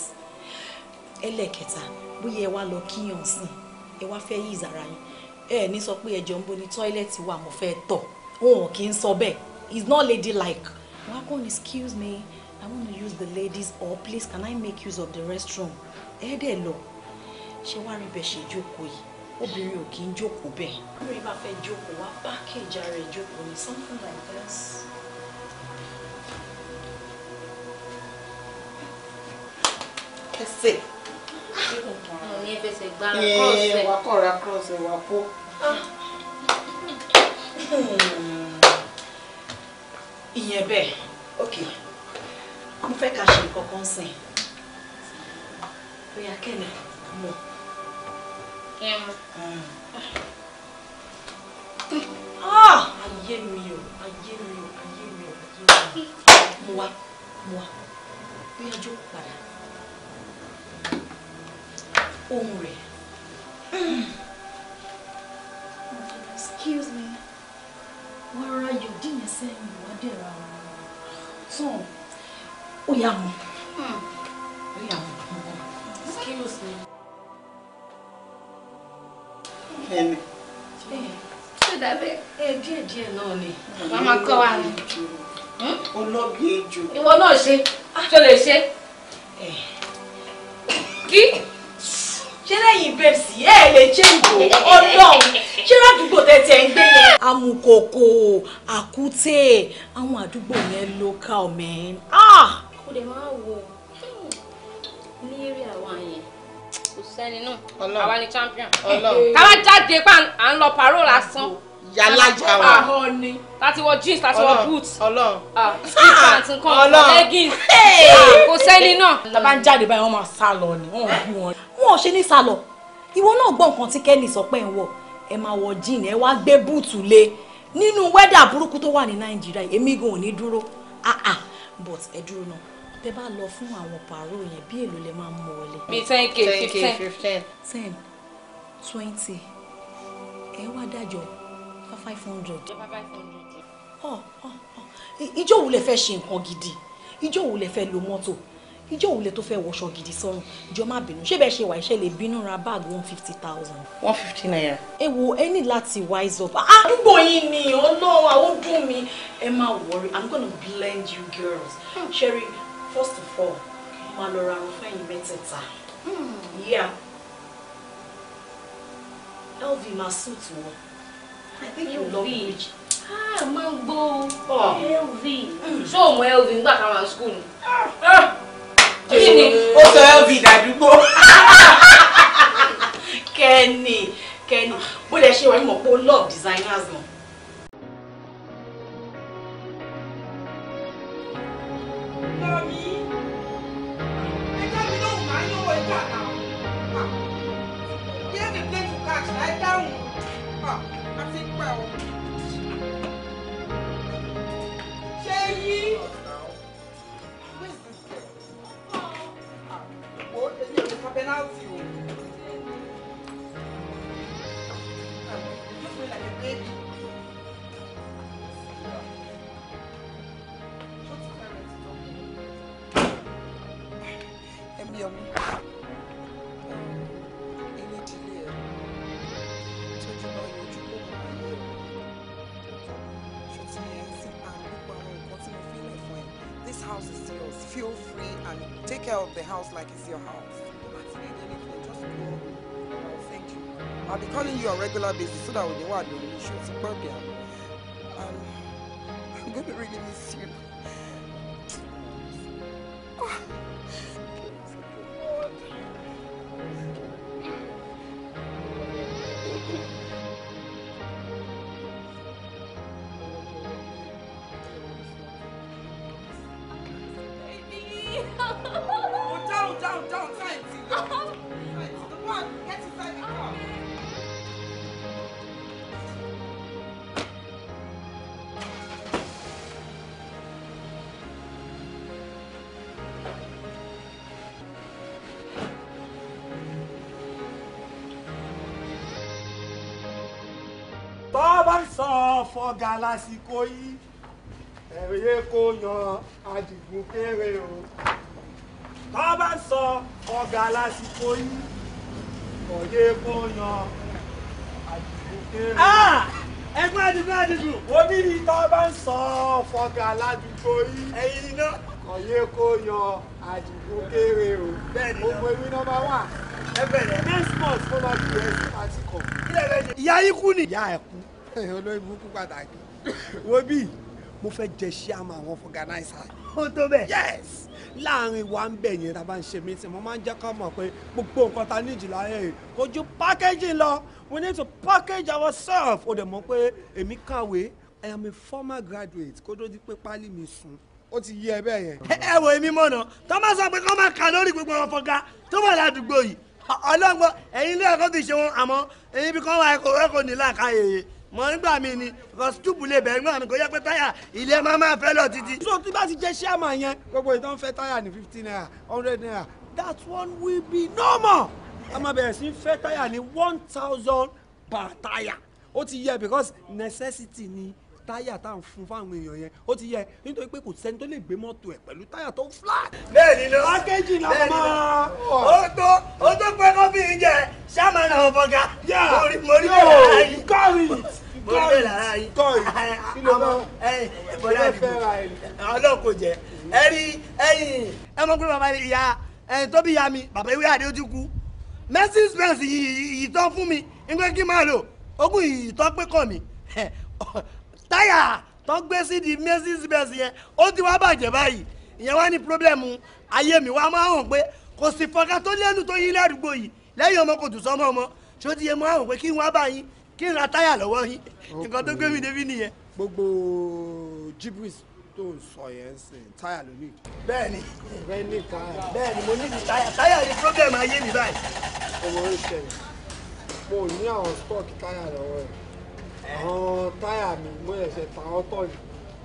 D: ẹlẹ́ẹ̀kẹta bóyá ẹ wá lọ kíyàn sìn ẹ wá fẹ́ yí ìzàrà yín ẹ ní sọ pé ẹjọ ń bo ní tọ́ílẹ̀tì wa mo fẹ́ tọ̀ òun kì í sọ bẹ́ẹ̀ it's not lady like wàá kàn ní excuse me i want to use the ladies or please can i make use of the restroom ẹ dẹ̀ lọ ṣé wàá rí bẹ́ẹ̀ ṣe jókòó yìí obìnrin ò kì í jókòó bẹ́ẹ̀. obìnrin bá fẹ́ jókòó wá pákéjì ara ẹ̀ jókòó ni something like this. ẹsẹ̀.
A: mo ní ẹfẹsẹ̀ gbára cross ẹ̀. ẹ̀wà
B: kọ̀ra cross ẹ̀wà kó. Ah.
D: Hmm. ìyẹn bẹ́ẹ̀ ok mo fẹ́ ká ṣe nǹkan kan sìn bóyá kẹ́ni mo kẹ́ mu. Ah! ayé mi o ayé mi o ayé mi o ayé mi o mo wá mo excuse me wàrà yòdì yẹn sẹ́yìn ìwádìí ẹ̀rọ àwọn tán ó yà hmm. excuse me. Fẹ́mi. Ṣé dàbẹ́ ẹ díẹ̀ díẹ̀ náà ni? Màmá kọ́ wa ni. Olóògbé hmm? ejò. Ìwọ náà ṣe, tó ah, lè ṣe. Kí? Ṣé lẹ́yìn bẹ́ẹ̀sì ẹ lè ṣe ìbò ọlọ́run? Ṣé ládùúgbò tẹ̀tẹ̀ ń gbé yẹn? Amukoko, Akute. àwọn àdúgbò yẹn local men.
A: Ó dẹ̀ máa wò hmm. ní eré àwọn yẹn sẹ́ni náà àwa ni champion káwá jáde pa à ń lọ pàrọ̀ lásán yàlájà wa láti wọ jeans láti wọ boots ah,
D: pants nǹkan leggings kò sẹ́ni náà. tàbá
A: ń jáde báyìí wọ́n máa sá lọ
B: ni wọ́n bí wọn. wọn ò ṣe ní sá lọ ìwọ náà gbọ́ nǹkan tí kẹ́ni sọ pé ń wọ̀ ẹ máa wọ
D: jean ẹ wá gbé búùtù lé nínú wẹ́dà burúkú tó wà ní nàìjíríà èmi gan ò ní dúró ah ah but ẹ dúró náà tẹ bá lọ fún àwọn pààrọ̀ yẹn bí èlò lè máa mú wọlé. bíi ten k fifteen ten twenty ẹ wá dájọ fa five hundred. ọ ọ ọ ìjọ wo lẹ fẹ́ ṣe nǹkan gidi ìjọ wo lẹ fẹ́ lo mọ́tò ìjọ òwúlẹ̀ tó fẹ́ wọṣọ gidi sọ́run jọ má bínú ṣé bẹ́ẹ̀ ṣe wà iṣẹ́ lè bínú ra báàgì one fifty thousand. one fifty naira. ẹ wo ẹ ní láti wise up. àdúgbò ah, yìí ni ọlọ́run àwọn dùn mí ẹ máa worry i'm gonna
B: blend you girls. Sherry. Hmm first of all máa lọ ra àwọn fẹ́yìn mẹ́tẹ̀ẹ̀ta
D: yeah lv máa suit wọn i think you love rich.
A: ah máa Oh, lv ṣé òun lv nígbà kan wà school
D: Kenny, ah. kí lv that you
A: kẹ́ni Kenny, Kenny, ṣe wà ní
B: mọ̀
D: pé ó love designers náà.
B: Tsunami regular basis so that um,
C: I'm gonna really miss you.
B: Baby! fọ́gà lásìkò yìí ẹ̀rẹ́ kó yan Àdìgún kéré o tó bá sọ ọ̀gá lásìkò yìí ọ̀yẹ́ kó yan Àdìgún kéré o. ẹgbẹ́ Àdìgún Àdìgún. omi ni tó bá sọ fọ́gà ládùúgbò yìí. ẹyin iná. ọ̀yẹ́ kó yan Àdìgún kéré o. bẹ́ẹ̀ni náà gbogbo wà. ẹ bẹ̀rẹ̀ next month ló máa bẹ̀rẹ̀ sí àtìkọ. ìyá yìí ni. ìyá ẹ̀ olórí burúkú pàtàkì wo bí mo fẹ́ jẹ ṣíàmù àwọn fọgànáìsà. ó tó bẹ́ẹ̀. yes láàrin wa ń bẹ̀ yẹn tá ń ṣe mítìn mo máa ń jẹ́ kó mọ̀ pé gbogbo nǹkan ta níjì láyé yìí kò ju packaging lọ we need to package ourselves ó dẹ̀ mọ̀ pé èmi kàwé i am a former graduate kó tó di pé pálí mi sùn ó ti yí ẹ yẹn. ẹ wo èmi mọ̀nà tó máa sọ pé kó máa kà lórí gbogbo àwọn fọgá tó wà ládùúgbò yìí ọlọ́gbọ́n ẹ̀yin ló ẹ̀kọ́ fi ṣe wọn àmọ́ ẹ̀yin bí kò wá ẹ̀kọ́ ẹ̀kọ́ nílà káyẹ̀yẹ̀ mọ nígbà mi ni because lè bẹ̀rẹ̀ nígbà mi kò yẹ pé táyà ilé máa máa fẹ́ lọ títí. so tí bá ti jẹ́ ṣíàmà yẹn gbogbo ìtàn fẹ́ táyà ní fifty naira hundred naira that one will be normal. a máa bẹ̀rẹ̀ sí fẹ́ táyà ní one thousand per táyà ó ti yẹ because necessity ni táyà tá à ń fún fáwọn èèyàn yẹn ó ti yẹ nítorí pé kò sẹ́ni tó lè gbé mọ́tò ẹ̀ pẹ̀lú táyà tó flat. bẹ́ẹ̀ni lọ akéjì náà máa. ó tó ó tó pé kó fi jẹ sáàmà náà fọgá. yà yóò kọ́rì kọ́rì kọ́rì kí ló bá bọ́lá fẹ́ ra ẹ̀. ọlọ́kọ̀ jẹ ẹ̀rí ẹ̀yìn ẹ̀ mọ̀ pé bàbá ìyá ẹ̀yìn tó bí ya mi bàbá ìwé àdé ojú kú mercedes benz táyà tó gbé sí di Mercedes Benz yẹn ó ti wá bàjẹ́ báyìí ìyẹn wá ní pírọ́blẹ́mù ayé mi wá máa hàn pé kò sì fọkà tó lẹ́nu tó yín ládùúgbò yìí lẹ́yìn ọmọ kò tù sọmọ ọmọ ṣó ti yẹ mọ́ àwọn pé kí n wá bá yín kí n ra táyà lọ́wọ́ yín nǹkan tó gbé mi débi nìyẹn. gbogbo jibris tó ń sọ yẹn ń táyà ló ní. bẹ́ẹ̀ni bẹ́ẹ̀ni mo ní táyà táyà ni problem ayé mi báyìí. ọmọ orí mo ní àwọn stọọkì táyà lọ́wọ́ yìí àwọn táyà mi mo ẹ̀sẹ̀ ta àwọn tọ́ ni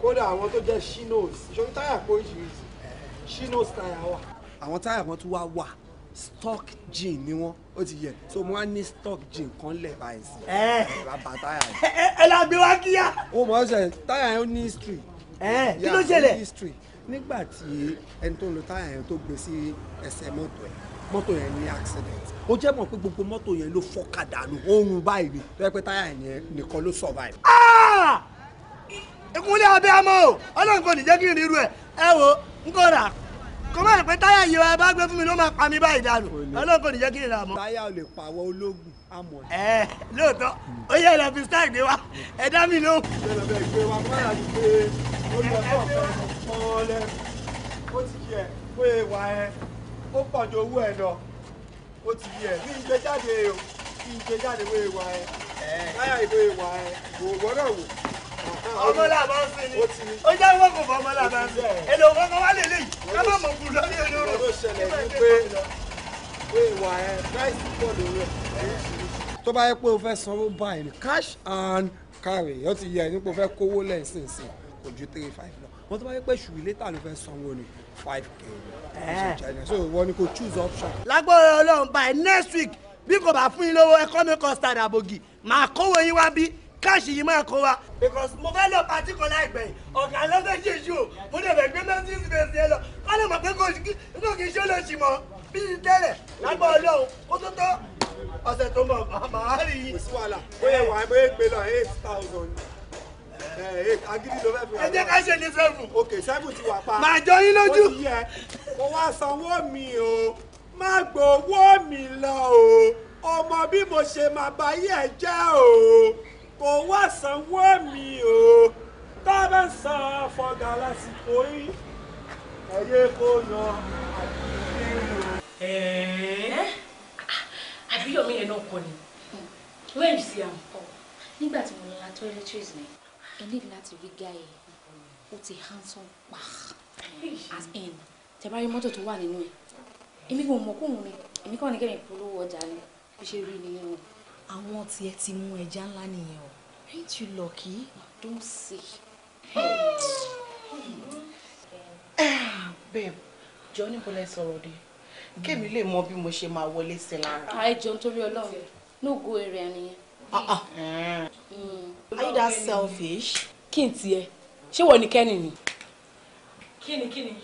B: kódà àwọn tó jẹ́ shinos ṣòwò táyà pé oríṣiríṣi shinos táyà wà. àwọn táyà kan tún wá wà stock gin ni wọn ó ti yẹ so mo wá ní stock gin kan lẹ̀ báyìí sí i bàbá táyà yìí. ẹ làbí wá kíá. o mọ̀ ọ́ sẹ́ táyà yẹn ó ní history. ẹ kí ló ṣẹlẹ̀ nígbà tí ẹni tó ń lo táyà yẹn tó gbé sí ẹsẹ̀ mọ́tò ẹ̀ mọ́tò yẹn ní accident ó jẹ́ mọ̀ pé gbogbo mọ́tò yẹn ló fọ́kadà nù oorun báyìí ni tó yẹ pé táyà yẹn nìkan ló survive. ìkúnlẹ̀ abẹ́ amọ́ o ọlọ́run kò ní jẹ́ kí n rí ẹ̀ ẹ wo n kò rà kò má pé táyà yìí wàá bá gbé fún mi ló máa pa mi báyìí dànù ọlọ́run kò ní jẹ́ kí n rà mọ́. táyà ò lè pàwọ́ ológun amọ̀. ẹ lóòótọ́ ó yẹ lọ fi gbé wa ẹ dá mi ló. ìbẹ̀rẹ̀ bẹ̀ ó pọ̀ ju owó ẹ̀ lọ ó ti yẹ ní ìgbéjáde o kí ìgbéjáde wo ìwà ẹ láyà ìwé ìwà ẹ wò wò. ọmọ làbá ń sin ni ó jẹ́ wọ́n kò fọ ọmọ làbá ń sin èlò kankan wá lè léyìí ká má mọ̀ kú lórí olóró. ó tó bá yẹ pé o fẹ́ sanwó báyìí ni cash and carry ó ti yẹ nípa o fẹ́ kówó lẹ́sìn sí kò ju three five lọ wọ́n tó bá yẹ pé ṣùgbọ́n létà ló fẹ́ sanwó ni five k eh. so wọ́n ní kò choose option. lágbóore ọlọ́run by next week bí kò bá fún yín lówó economic custard àbògì màá kówó yín wá bí káàṣì yìí máa kó wa. because mo fẹ́ lọ pàtí kan yìí ọ̀gá ló fẹ́ ṣe ṣù mo lè fẹ́ gbé mẹ́tí ìsìnkú ẹ lọ ká lè mọ̀ pé kò kì í ṣe olóṣì mọ́ bí ti tẹ́lẹ̀ lágbó ọlọ́run
E: ó tó tó ọ̀sẹ̀ tó mọ̀ màá rí i. kò sí wàhálà bóyá wàá bóyá gbé lọ eight thousand agídí ló fẹ́ fi wá. ẹ jẹ́ ká ṣe ní sẹ́fù. ok sẹ́fù
B: ti wà pa. màá jọ yín lójú. ó
E: yẹ kó wá sanwó mi o má gbowó
B: mi lọ o ọmọ bí mo ṣe máa bá yí ẹ jẹ́ o kó wá sanwó mi o tá a bá san fọgà lásìkò yìí ẹ yé kó yan
A: àdìyẹ yẹn náà kọ ni when you see am nígbà tí mo lọ la toiletries ni ẹ ní láti rí guy yẹn ó ti handsome pa as in tẹ bá rí mọ́tò tó wà nínú ẹ̀ èmi kò mọ̀ kóhun ni èmi kàn ní kẹ́mi polówó ọjà ni bí ṣe rí nìyẹn o. àwọn tiẹ̀ ti mú ẹja ńlá nìyẹn o ain't you lucky? don't see.
B: babe jọ níbo lẹ sọ̀rọ̀ dé kémi lè mọ bí mo ṣe máa wọlé sí lára.
A: àìjọ nítorí Ọlọ́run no go area nìyẹn. Ah, ah. Mm.
D: are you that selfish. kí n tiẹ̀ ṣé wọ́n ní kẹ́ni ni.
A: kíni kíni.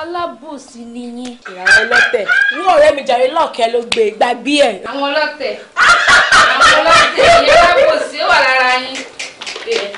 A: alábòsí ni yín.
D: ìyàwó ọlọ́tẹ̀ ní ọ̀rẹ́ mi
A: jàre lọ́ọ̀kẹ́ ló gbé gbà bí ẹ̀. àwọn ọlọ́tẹ̀ àwọn ọlọ́tẹ̀ ìyẹn alábòsí ó wà lára yín.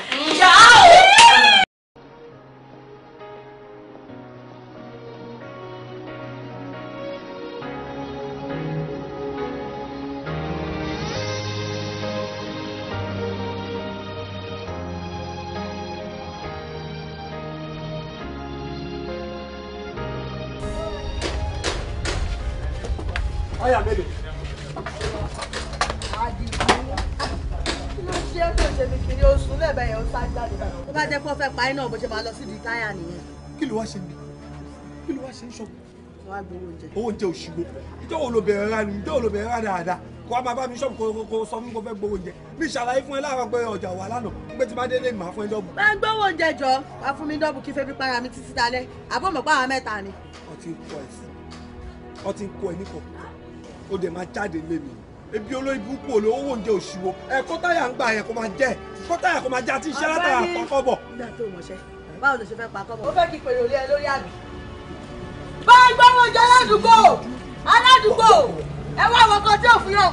B: bó ṣe máa lọ sí di táyà nìyẹn. kí ló wá ṣe mí kí ló wá ṣe ń sọ. wàá gbowó oúnjẹ. owó oúnjẹ òṣìwò ìjọ wo ló bẹ̀rẹ̀ rà ìjọ wo ló bẹ̀rẹ̀ rà dáadáa kó a máa bá mi ṣọ́ọ̀bù kó kó sọ fún kó fẹ́ gbowó oúnjẹ mi ṣàlàyé fún ẹ láàárọ̀ pé ọjà wà lánàá pé tí bá délé màá fún ẹ dọ́bù. bá gbowó oúnjẹ jọ wá fún mi dọ́bù kí fẹ́ẹ́ para mi títí dalẹ́ àbọ̀mọ̀pá àwọn mẹ́ta ni.
E: ọtí ń kọ ẹ sí ọtí ń kọ ẹ níkọ ó dẹ̀ máa jáde lé mi ebi olóyìn burúkú ò owó oúnjẹ òṣìwò ẹ kó táyà ń gbà
B: yẹn kó máa jẹ kó táyà kó máa jẹ àti iṣẹ́ látara pa kọ́bọ̀. bá a gbọ́ wọn jẹ aládùúgbò aládùúgbò ẹ wá àwọn kan tí ò fi hàn.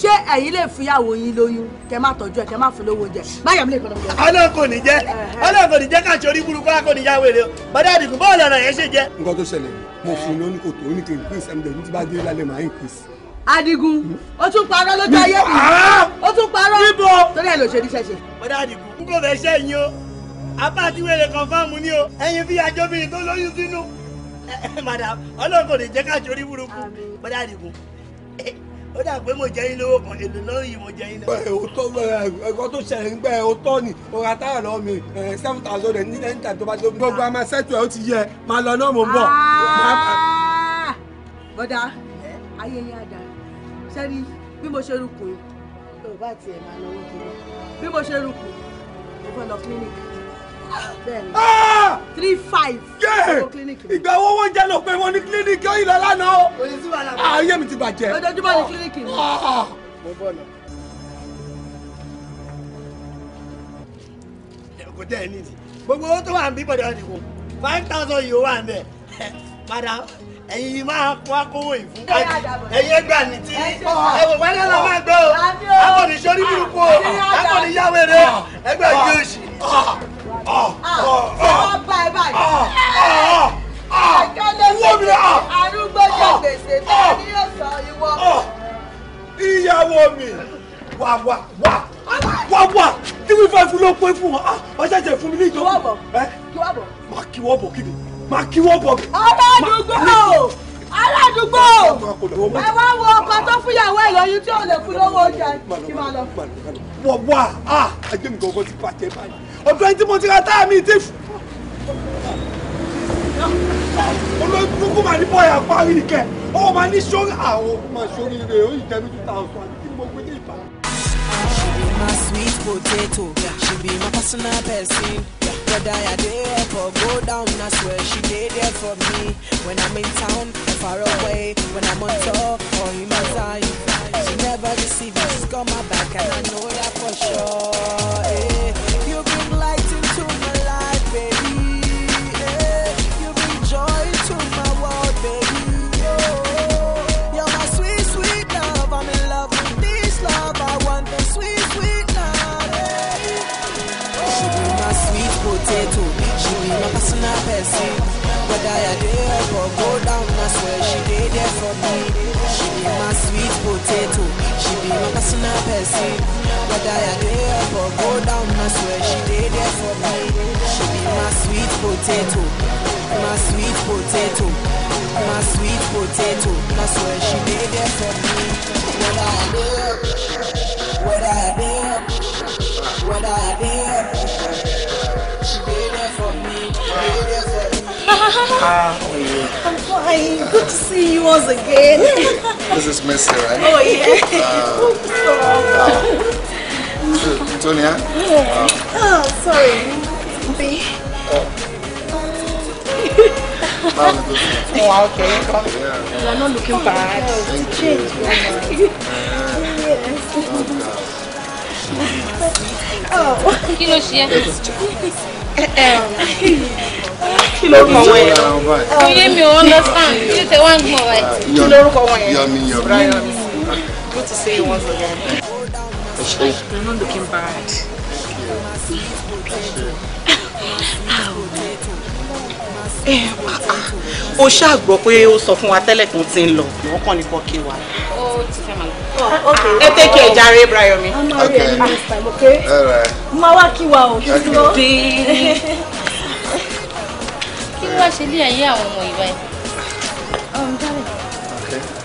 B: ṣé ẹ̀yin lè fi ìyàwó yín lóyún kẹ má tọ́jú ẹ kẹ má fún lówó jẹ báyọ̀ mi lè kọ́nà mi jẹ. ọlọ́run kò ní jẹ́ ọlọ́run kò ní jẹ́ káàtì orí burúkú kọ́lá kò ní yá wèrè o bàdá àdìgún bọ́ọ̀lù ọ̀rọ̀ yẹn ṣe jẹ́. nǹkan tó ṣẹlẹ̀
E: mo fún un lóní kò tó ní kí n pín sẹ́mi dẹ̀ tí bá dé lálẹ́ màá ń pín
B: adigun ó tún parọ́ lójú ayé mi ó ah! tún parọ́ torí ẹ̀ ló ṣe níṣẹ́ ṣe. bàdá àdìgún n ni o ẹ̀yin fi àjọbìnrin tó lóyún sínú. madam ó dà pé mo jẹ́
E: yín lówó kan èlò lọ́rùn yìí mo jẹ́ yín lọ́wọ́. ẹ o tọ́ ẹ̀kọ́ tó ṣẹlẹ̀ ń gbẹ́ o tọ́ ni ọ̀rá táyà lọ́wọ́ mi seven thousand ní ten times tó bá tó gbogbo àmà sẹ́tù ẹ̀ ó ti yẹ máa lọ náà mo ń bọ̀.
B: bọ́dà ayé yín àjà sẹ́ni bí mo ṣe rúkun yìí tiẹ̀ máa lọ́wọ́ kiri bí mo ṣe rúkun mo fẹ́ lọ clinic. Ah! three five. ìgbà owó wọn jẹ́ ló pé wọ́n ní kílíníkì ó ìlọ lánàá o. kò ní sí wàhálà. Ah, ayé mi ti bàjẹ́. ojoojúmọ́ ní kílíníkì ni. Ah! mo bọ̀ lọ. kò tẹ́ ẹ ní ti gbogbo owó tó wà ń bí bọ̀dọ̀ ọ̀dì kò five thousand yìí ó wà ń bẹ̀ padà ẹ̀yin yìí máa kó akówó yìí fún káàdì ẹ̀yin ẹgbẹ́ àmì tí ẹ̀wọ̀n wẹ́lẹ́ la máa gbé o akọni sori burúkú o akọni yáwèrè
D: ẹgbẹ́ òjì òsì
B: ṣé wọ́n bá ẹ báyìí. ẹjọ́ lè fi arúgbó jẹ gbèsè tó ní ọ̀sọ̀ ìwọ. ìyàwó mi wà wà wà wà wà kí wọ́n fẹ́ fún ló pé fún wọn ọjọ́ ah, ìjẹ́ fún mi ní ìjọba. kí wọ́n bọ̀ kí wọ́n bọ̀. má kí wọ́n bọ̀ kí ni má kí wọ́n bọ̀. ọba àdúgbò aládùúgbò ẹ wá wo ọkọ tó fúyàwó ẹ lóyún tí ò lè fún lówó oúnjẹ kí máa lọ. wọ́n wá àjẹmí ah, gbọ̀ngàn ti bàjẹ́ báyìí ọ̀dọ̀ ẹni tí mo ti ra táyà mi ti olórí kúkú máa ní bọ́ọ̀yà parí ìkẹ́ ó máa ní sórí àwọn ah, máa sórí rẹ̀ ó yìí tẹ́lú two thousand kí ni mo gbé dé ìbá. she be my sweet potato she be my personal person. Whether I dey up for go down, I swear she dey there for me. When I'm in town or far away, when I'm on tour or him my time, she never deceive me. She's got back and I know that for sure. Hey. Eh. I did her go down, I swear she did there for me. She be my sweet potato, she be my personal person. Whether I did her go down, I swear she did there for me. She be my sweet potato, my sweet potato, my sweet potato. I swear she did there for me. Whether I did her, whether I did her, whether I did she did there for me. How are you? I'm fine. Good to see you once again. this
C: is Mercy, right? Oh, yeah.
D: Uh,
C: uh, Antonia?
A: Yeah. Uh, oh, sorry. B. Um, oh, okay. Yeah. You are not looking oh, bad. Thank you. changed. your mind. yes. Oh, God. oh. You know, kí not looking bad. Ah, ah. o
B: ṣáà gbọ́ pé ó sọ fún wa tẹ́lẹ̀ tó ti ń lọ wọ́n kàn kí wa.
A: ó ti fẹ́ máa lọ
B: ẹ tẹ́kì ẹ̀ jàre Brayomi.
A: mo wá kí wa o ṣùgbọ́n kí wọ́n ṣe lé ẹ̀yìn àwọn ọmọ ìwà ẹ̀. ọ̀hún jàre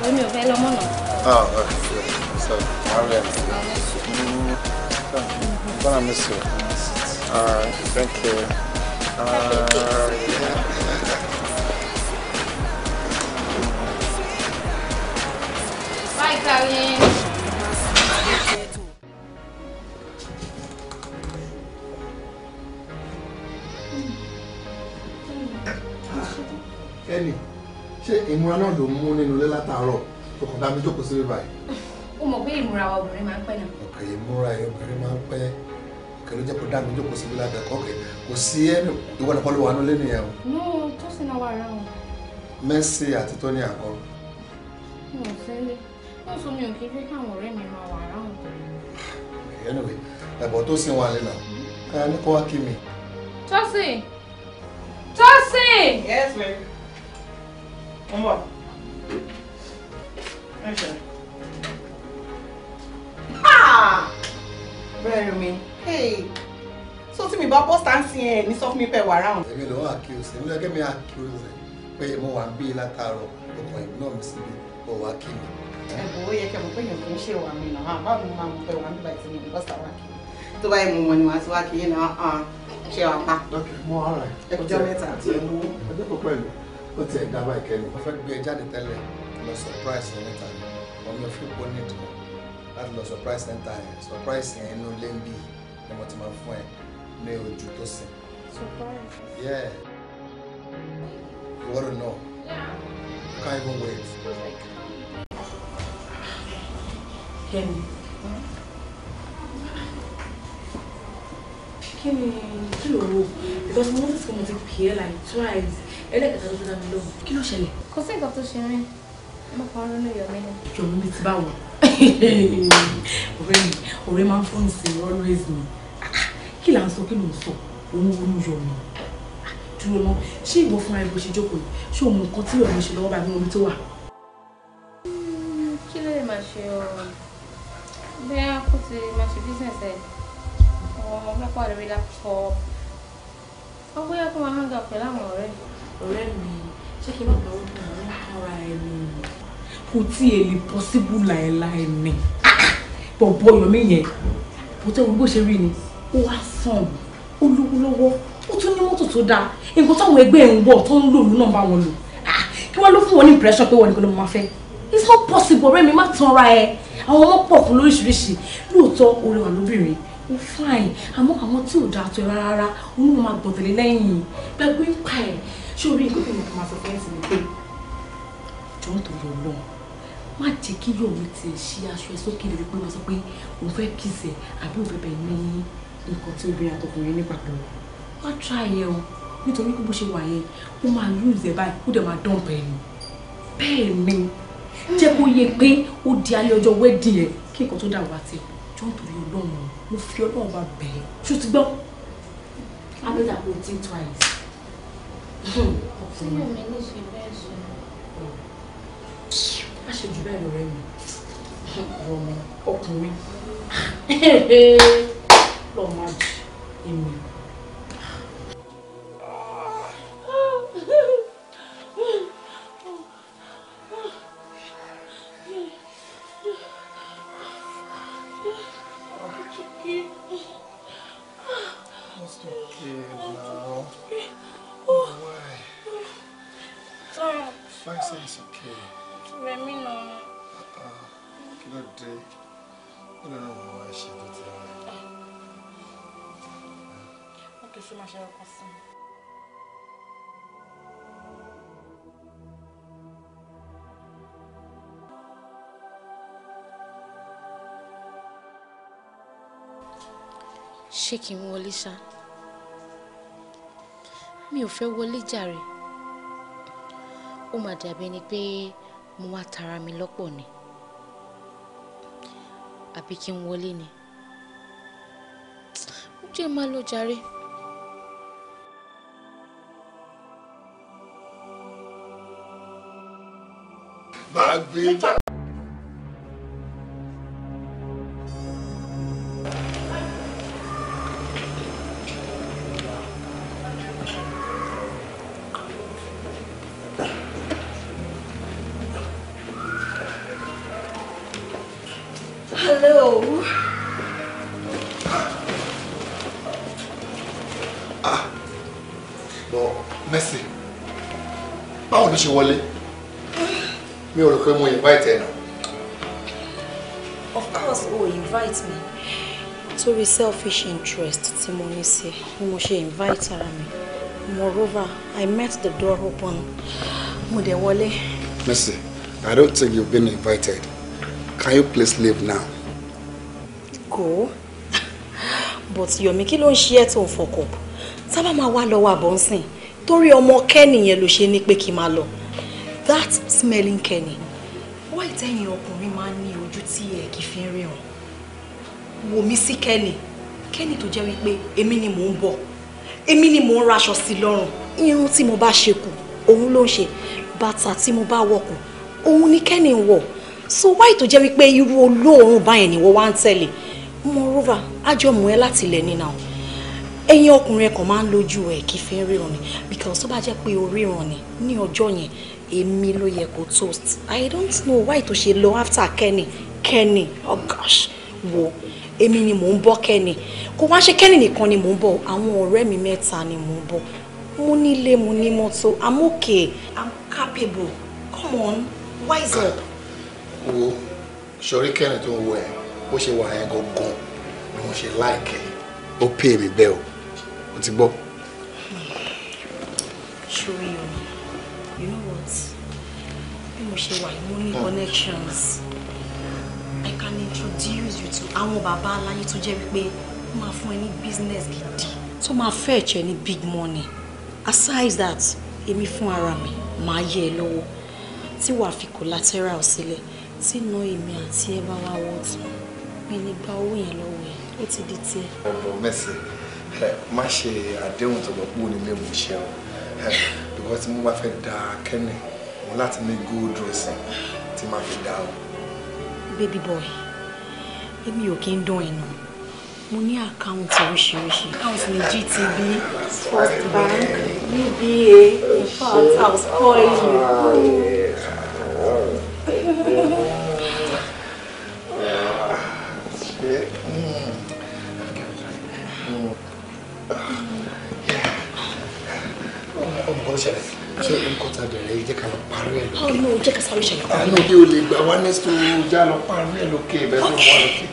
A: èmi ò fẹ́ lọ́mọ náà.
C: Oh, okay. So, Maria. Mm, I'm gonna miss you. All right, thank you. Uh, yeah.
A: Bye, darling.
C: Ẹni, ṣé ìmúra náà ló mú nínú ilé látàárọ̀ tó kàn dá mi jókòó sí báyìí?
A: Ó mọ̀ pé ìmúra wa obìnrin máa ń pẹ́ náà.
C: Ọ̀kẹ́ ìmúra obìnrin máa ń pẹ́ kẹlẹ jẹ kó dá mi jókòó síbi ládàá kọkẹ kò sí ẹnu ìwọ nìkan ló wà nílé nìyẹn o.
A: nù tó sì náà wà ra wọn.
C: Mercy àti Tony àkọ.
A: mo ò fẹ́ lé wọ́n sọ mi ò kí fẹ́ káwọn
C: anyway ẹ̀bọ̀ tó sin wàlẹ̀ náà ká ní kó wá kí mi.
A: Tosin Tosin. yes ma'am. wọ́n bọ̀. ẹ ṣe.
B: bẹ́ẹ̀ mi so tí mi bá bọ́ sáǹsì ẹ̀ ní sọ fún mi pẹ̀ wà ráhùn. èmi ló wà kí o sí nílẹ̀ kí mi á kí o sí pé mo wà ń
C: bí látàárọ̀ ọkọ̀ ìgbóná mi síbi mo wà kí mi ẹ̀bùn
B: ó yẹ kí ọmọ pé yẹn kò ń ṣe wà mí náà ah, báwo ah, ni máa mú pé wà nígbà tí mi bọ́ sáwà kí tó bá yẹ mo mọ ni wàá sí wá kí yín náà ṣe
C: wà surprise ẹ̀ níta ni ọmọ mi ò fi kó surprise ẹ̀ níta surprise yẹn inú lé ń bì ni mo ti máa fún ẹ ní surprise. yeah. you wanna know.
A: Yeah. you can't even wait. Kẹ́mi. Kẹ́mi kí ló rò? Because mo notice pé mo ti pè é like twice. Ẹlẹ́kẹ̀ta ló fi dá mi lóhùn. Kí ló ṣẹlẹ̀? Kò sí nǹkan tó ṣe rìn. Mo kàn ń ronú Yọ̀mí ni. Yọ̀mí mi ti bá wọ̀.
B: Ọ̀rẹ́ mi, ọ̀rẹ́ máa ń fún ìsìn always mi. Kí là ń sọ kí ló ń sọ? Òun ronú Yọ̀mí dúró mọ́ ṣé ìwọ fúnra ẹ bó ṣe jókòó yìí ṣé òun nǹkan tí ọ̀rọ̀ ṣe lọ́wọ́ bá gbọ́n omi tó wà.
A: kí ló lè máa ṣe ọ̀rọ̀ bẹ́ẹ̀ kó ti máa ṣe business ẹ̀ ọmọ ọlọ́pàá rẹ̀ rí lápò ọ bóyá kó máa hang up pẹ̀lú àwọn ọ̀rẹ́. ọ̀rẹ́ mi ṣé kí n máa bẹ̀rù pé àwọn ọ̀rá ẹ̀ ni
B: kò tí ì lè possible láéláé ni bọ̀bọ̀ yọ̀mí yẹn bó tẹ́ wọn bó ṣe rí ni ó wá sàn ó
A: lówó lọ́wọ́ ó tún ní mọ́tò tó dáa nǹkan táwọn ẹgbẹ́ ẹ̀ ń wọ̀ tó ń lò lónà bá wọn lò ah, kí wọ́n ló fún wọn impression pé wọn nìkan ló máa fẹ́ it's not possible ọ̀rẹ́ mi má tanra ẹ àwọn ọmọ pọ̀ fún lóríṣiríṣi lóòótọ́ orin wà lóbìnrin ó fine àmọ́ àwọn tí ò dáa tó ẹ rárá olúwa máa gbọ̀n tẹ̀lé lẹ́yìn gbàgbé ń pa ẹ̀ ṣé orí nǹkan tó mọ̀ máa sọ fẹ́ sí ni pé jọ̀wọ́ tó yọ lọ má jẹ́ kí yọ̀wé tiẹ̀ ṣí aṣọ ẹ̀ sókè lórí pé wọ́n sọ pé òun fẹ́ kìsẹ̀ àbí òun fẹ́ bẹ̀ ní nǹkan tí obìnrin àtọkùnrin ní papọ̀ wá tra yẹn o nítorí pé bó ṣe wà yẹn ó máa lose ẹ̀ báyìí ó dẹ̀ máa dán bẹ́ẹ̀ ni bẹ́ẹ̀ ni
D: jẹ́ kó yẹ pé ó di alẹ́ ọjọ́ wẹ́ẹ̀dì ẹ̀
A: kí nǹkan tó dàrú àti jọ nítorí ọlọ́run mo fi ọlọ́run bá bẹ̀ẹ́ ṣó ti gbọ́.
D: abẹ́là kò tí tó àìsí. sílẹ̀ mi ní ṣe bẹ́ẹ̀ sọ.
B: a ṣe jù bẹ́ẹ̀ lọ́rẹ́ mi ọmọ ọkùnrin lọ́ọ́ máa jù
A: sọ̀rọ̀.
C: five cents okay. rẹmi nà. kí ló dé kí ló náà wọ́n wá ṣe tó ti rẹ̀.
B: wọ́n kì í ṣe máa ṣe ọkọ̀ sí mi.
A: ṣé kí n wọlé ṣá mi ò fẹ́ wọlé jàre ó máa dàbí ẹni pé mo wá tara mi lọ́pọ̀ ni àbí kí n wọlé ni ó jẹ́ máa lọ jàre.
B: bá
D: selfish interest tí mo ní sí ni mo ṣe invite ara mi moreover i met the door open mo dẹ̀ wọlé.
C: mercy i don't think you've been invited can you please leave now.
D: go but yomi kí ló ń ṣe ẹ́ tó ń fọkọ̀ sábà máa wá lọ́wọ́ àbọ̀nsìn torí ọmọ kẹ́ni yẹn ló ṣe ní pé kí n máa lọ that smelling kẹ́ni
B: wáìtẹ́yìn ọkùnrin máa ń ní ojú tí ẹ kì í fi ń rí hàn wò mí sí kẹ́nì kẹ́nì tó jẹ́ wípé èmi ni mò ń bọ̀ èmi ni mò ń raṣọ sí lọ́rùn irun tí mo bá ṣe kù òun ló ń ṣe bàtà tí mo bá wọ̀ kù òun ni kẹ́nì ń wọ̀ so why tó jẹ́ wípé irú olóòórùn báyẹn
D: ni wọ́n wá ń tẹ̀lé moreover ájọmọ ẹ láti ilẹ̀ nínà o ẹ̀yin ọkùnrin ẹ kàn máa ń lójú ẹ̀ kí fẹ́ ríran ni because tó bá jẹ́ pé o ni ní ọjọ́ yẹn
B: èmi ló yẹ kó toast i don't know why tó ṣe lọ after kenny kenny oh gosh wo èmi ni mò ń bọ́ kẹ́ni kò wá ṣe kẹ́ni nìkan ni mò ń bọ̀ àwọn ọ̀rẹ́
D: mi mẹ́ta ni mò ń bọ̀ mo nílé mo ní mọ́tò i'm okay i'm capable come on
C: wise up. wo sori kẹ́ni tó ń wọ ẹ bó ṣe wà yẹn gangan ni mo ṣe láìkẹ́ ó pè mí bẹ́ẹ̀ o o ti gbọ́.
D: ṣòro yòó you know what bí mo ṣe wà yìí mo ní connections. Mm. I can
B: introduce you to àwọn bàbá aláyé tó jẹ́ wípé wọ́n máa fún ẹ ní business gidi
D: tó máa fetch ẹ ní big money aside that èmi fún ara mi máa yẹ ẹ lọ́wọ́ tí wàá fi collateral sílẹ̀ tí ná èmi àti ẹ bá wá wọ́ tán mi ní gba owó yẹn lọ́wọ́ ẹ ó ti di tiẹ̀.
C: ọ̀bọ̀ mẹ́sì má ṣe àdéhùn tó lọ kú nílé mo ṣe o because mo bá fẹ́ da kẹ́nì mo láti ní good dressing tí máa fi dá o
D: baby boy èmi ò kí ń dán ẹnu mo ní àkáǹtì oríṣiríṣi àkáǹtì ní GTB First Bank UBA in fact I was calling
B: you.
C: ṣé nǹkan ta bẹ̀rẹ̀ jẹ́ ká lọ parí ẹ̀ lókè.
B: ọ̀nà oh, ò jẹ́ ká sáré ṣàyẹ̀wò. àánú ah,
C: bí o lè gbà wá next to já lọ parí ẹ̀ lókè bẹ́ẹ̀ tó wà lókè.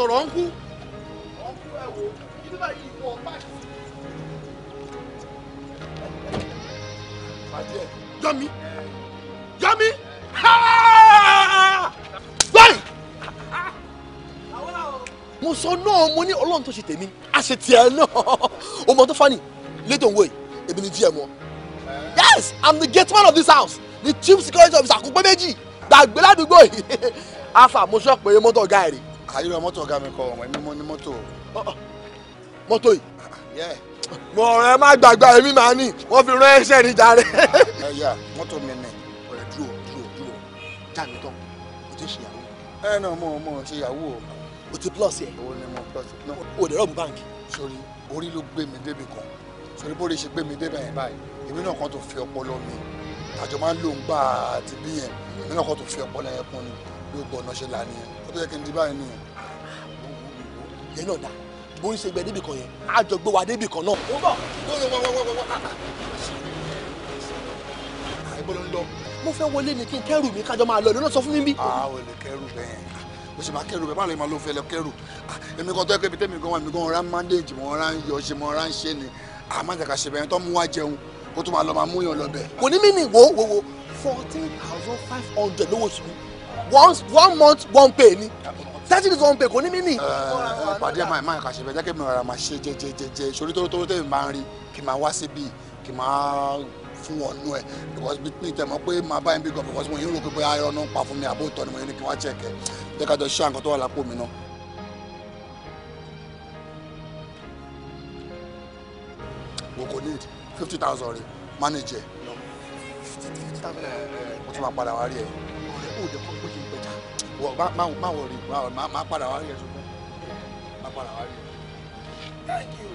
B: sọ̀rọ̀ ń kú. ọ̀nkú ẹ̀ wò kí ló bá yí ìwọ báyìí.
E: Yọmi Yọmi báyìí. mo sọ náà mo ní ọlọ́run tó ṣe tèmi a ṣe tiẹ̀ náà ọmọ tó fani lédè òun wòye èmi ni GM wọn. yes I'm the gate man of this house the chief security officer kò pé méjì gbàgbé ládùúgbò yìí afa mo sọ pé mọ́tò ọ̀gá ẹ̀
C: àyè mọ́tò ọ̀gá mi kọ ọ̀wọ́n mi mo ní mọ́tò. Ah, ah. mọ́tò yìí.
E: mo ọ̀rẹ́ má gbàgbà èmi máa ní wọ́n fi ránṣẹ́ ní jàre.
C: ẹyà mọ́tò mi ni ọ̀rẹ́ dúró dúró dúró já mi tán mo ti ṣèyàwó. ẹ eh, náà mo mo ṣèyàwó o. o ti plus yẹ. owó ni mo plus náà. o lè rọ̀mù báńkì. sori orí ló gbé mi débi kan sori bó lè ṣe gbé mi débi yẹn báyìí èmi náà kàn tó fi ọpọlọ mi àjọ máa ń lò ń gbà àti bí yẹn èmi náà kàn tó fi ọpọlọ yẹn kún ni yóò gbọ́ ọ̀nà ó tó yẹ kí n di báyìí nù.
E: yẹn náà dá bó ń ṣe gbẹ débì kan yẹn á jọ gbé wa débì kan náà. ó bọ̀ ó
B: lọ wọ́wọ́wọ́wọ́ àìbọ̀lọ́ ń lọ. mo fẹ́ wọlé ni kí n kẹ́rù mi kájọ máa lọ ìlú náà sọ fún mi bí. àwọn
C: olè kẹ́rù bẹ́ẹ̀ mo sì máa kẹ́rù bẹ́ẹ̀ báwo ni màá ló fẹ́ lọ kẹ́rù èmi kan tó yẹ pé ibi tẹ́mi gan wọn èmi gan ọ̀rá mandage mọ̀ ọ̀rá yọ ṣe mọ̀ ọ̀rá ṣe ni àmọ́ ṣe bẹ́ẹ̀ tó mú wá jẹun kó tó máa lọ máa mú yàn lọ bẹ́ẹ̀.
E: kò ní mí nì wo wo wo fourteen
B: thousand five hundred lówó sùn one one month one pay ni thirty days
C: one pay kò ní mí nì. pàdé máa máa kà ṣe bẹ́ẹ̀ jẹ́kẹ́ mi rà máa ṣe jẹjẹjẹjẹ sórí tó tó tẹ̀mí máa ń rí kì máa wá síbi kì máa fún ọ̀nù ẹ̀ because bí mi tẹ̀mọ́ pé máa bá yín bí gan because mo yín rò pé bóyá irọ́ náà ń pa fún mi àbó ìtọ́ ni mo yín ní kí wọ́n á chẹ̀kẹ́ jẹ́ ká jọ ṣe àǹkan tó wà lápò mi náà. wo kò ní fifty thousand rẹ̀ manage ẹ̀ mo tún máa padà wá rí ẹ̀. ọ̀rẹ́ ò lè kọ́ pé wọ má má má wọ rí má má padà wá rí ẹ sọfún má padà wá rí ẹ.
B: thank you.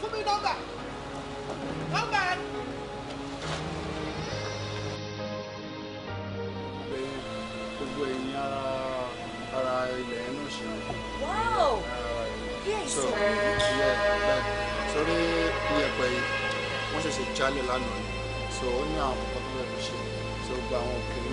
B: fún mi nọ́mbà
C: nọ́mbà. gbogbo ẹ̀yin ara ara ilẹ̀ ẹ̀ náà ṣe wọ́n.
E: wow yes. so
C: sórí iyẹ̀pẹ̀ yìí wọ́n ṣẹ̀ṣẹ̀ jálẹ̀ lánàá so ó ní àwọn So vamos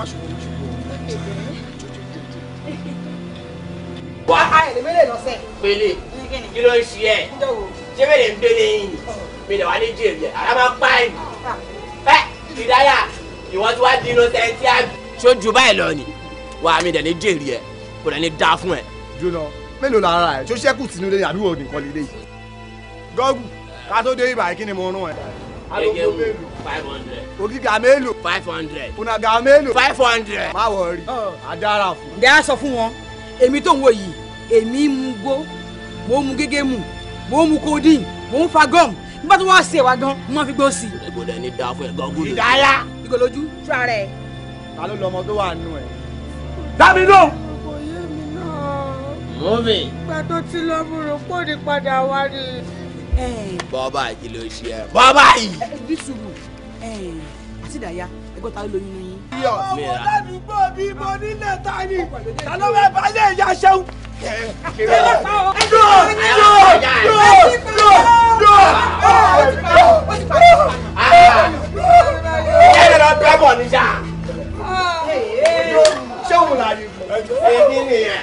B: má ṣubú ṣubú. wá ayẹ̀lẹ̀ mélòó lọ́sẹ̀. pélé kí ló ń ṣe ẹ ṣé bẹ́ẹ̀ lè ń pélé yìí ni pélé wà ní jèrè àrà máa pa ẹ̀ ẹ ìdáyà ìwọ́n tí wàá di innocent àbí. ṣó ju báyìí lọ ni wàá mi dẹ̀ ní jèrè ẹ kò dẹ̀ ní dá fún ẹ. jóná mélòó lára ẹ tó ṣẹ́kù sínú lé àbí wọ́n nìkan lè lè. gọ́gù ká tó dé ibà kí ni mo rún ẹ. alógún mélòó five hundred. ogiga mélòó. five hundred. onaga mélòó. five hundred. má wọrí oh. adara. fún. ǹjẹ́ a sọ fún wọn èmi tó ń wò yìí èmi mu gbó mo mu gégé mu mo mu codeine mo ń fa gum nígbà tí wọ́n ṣe wá gan mo fi gbó sí. ẹgbẹ́ rẹ ní dáa fún ẹ̀gá ogún. ìdáyà. ìgòlójú fúra rẹ. ta ló lọmọ tó wà nù ẹ. dábì dùn. kò yé mi
D: náà. mọ́mì.
B: ìgbà tó ti lọ mo rò pé padà wá rí i. bọ́ọ̀ ló ṣe ẹ bọ́ọ̀ báyìí àti ìdàyà ẹgbẹ́ ta ló lóyún ní ọmọ ládùúgbò mi mo nílẹ̀ ta ni ta ló fẹ́ bá lè yá ṣẹ́wó.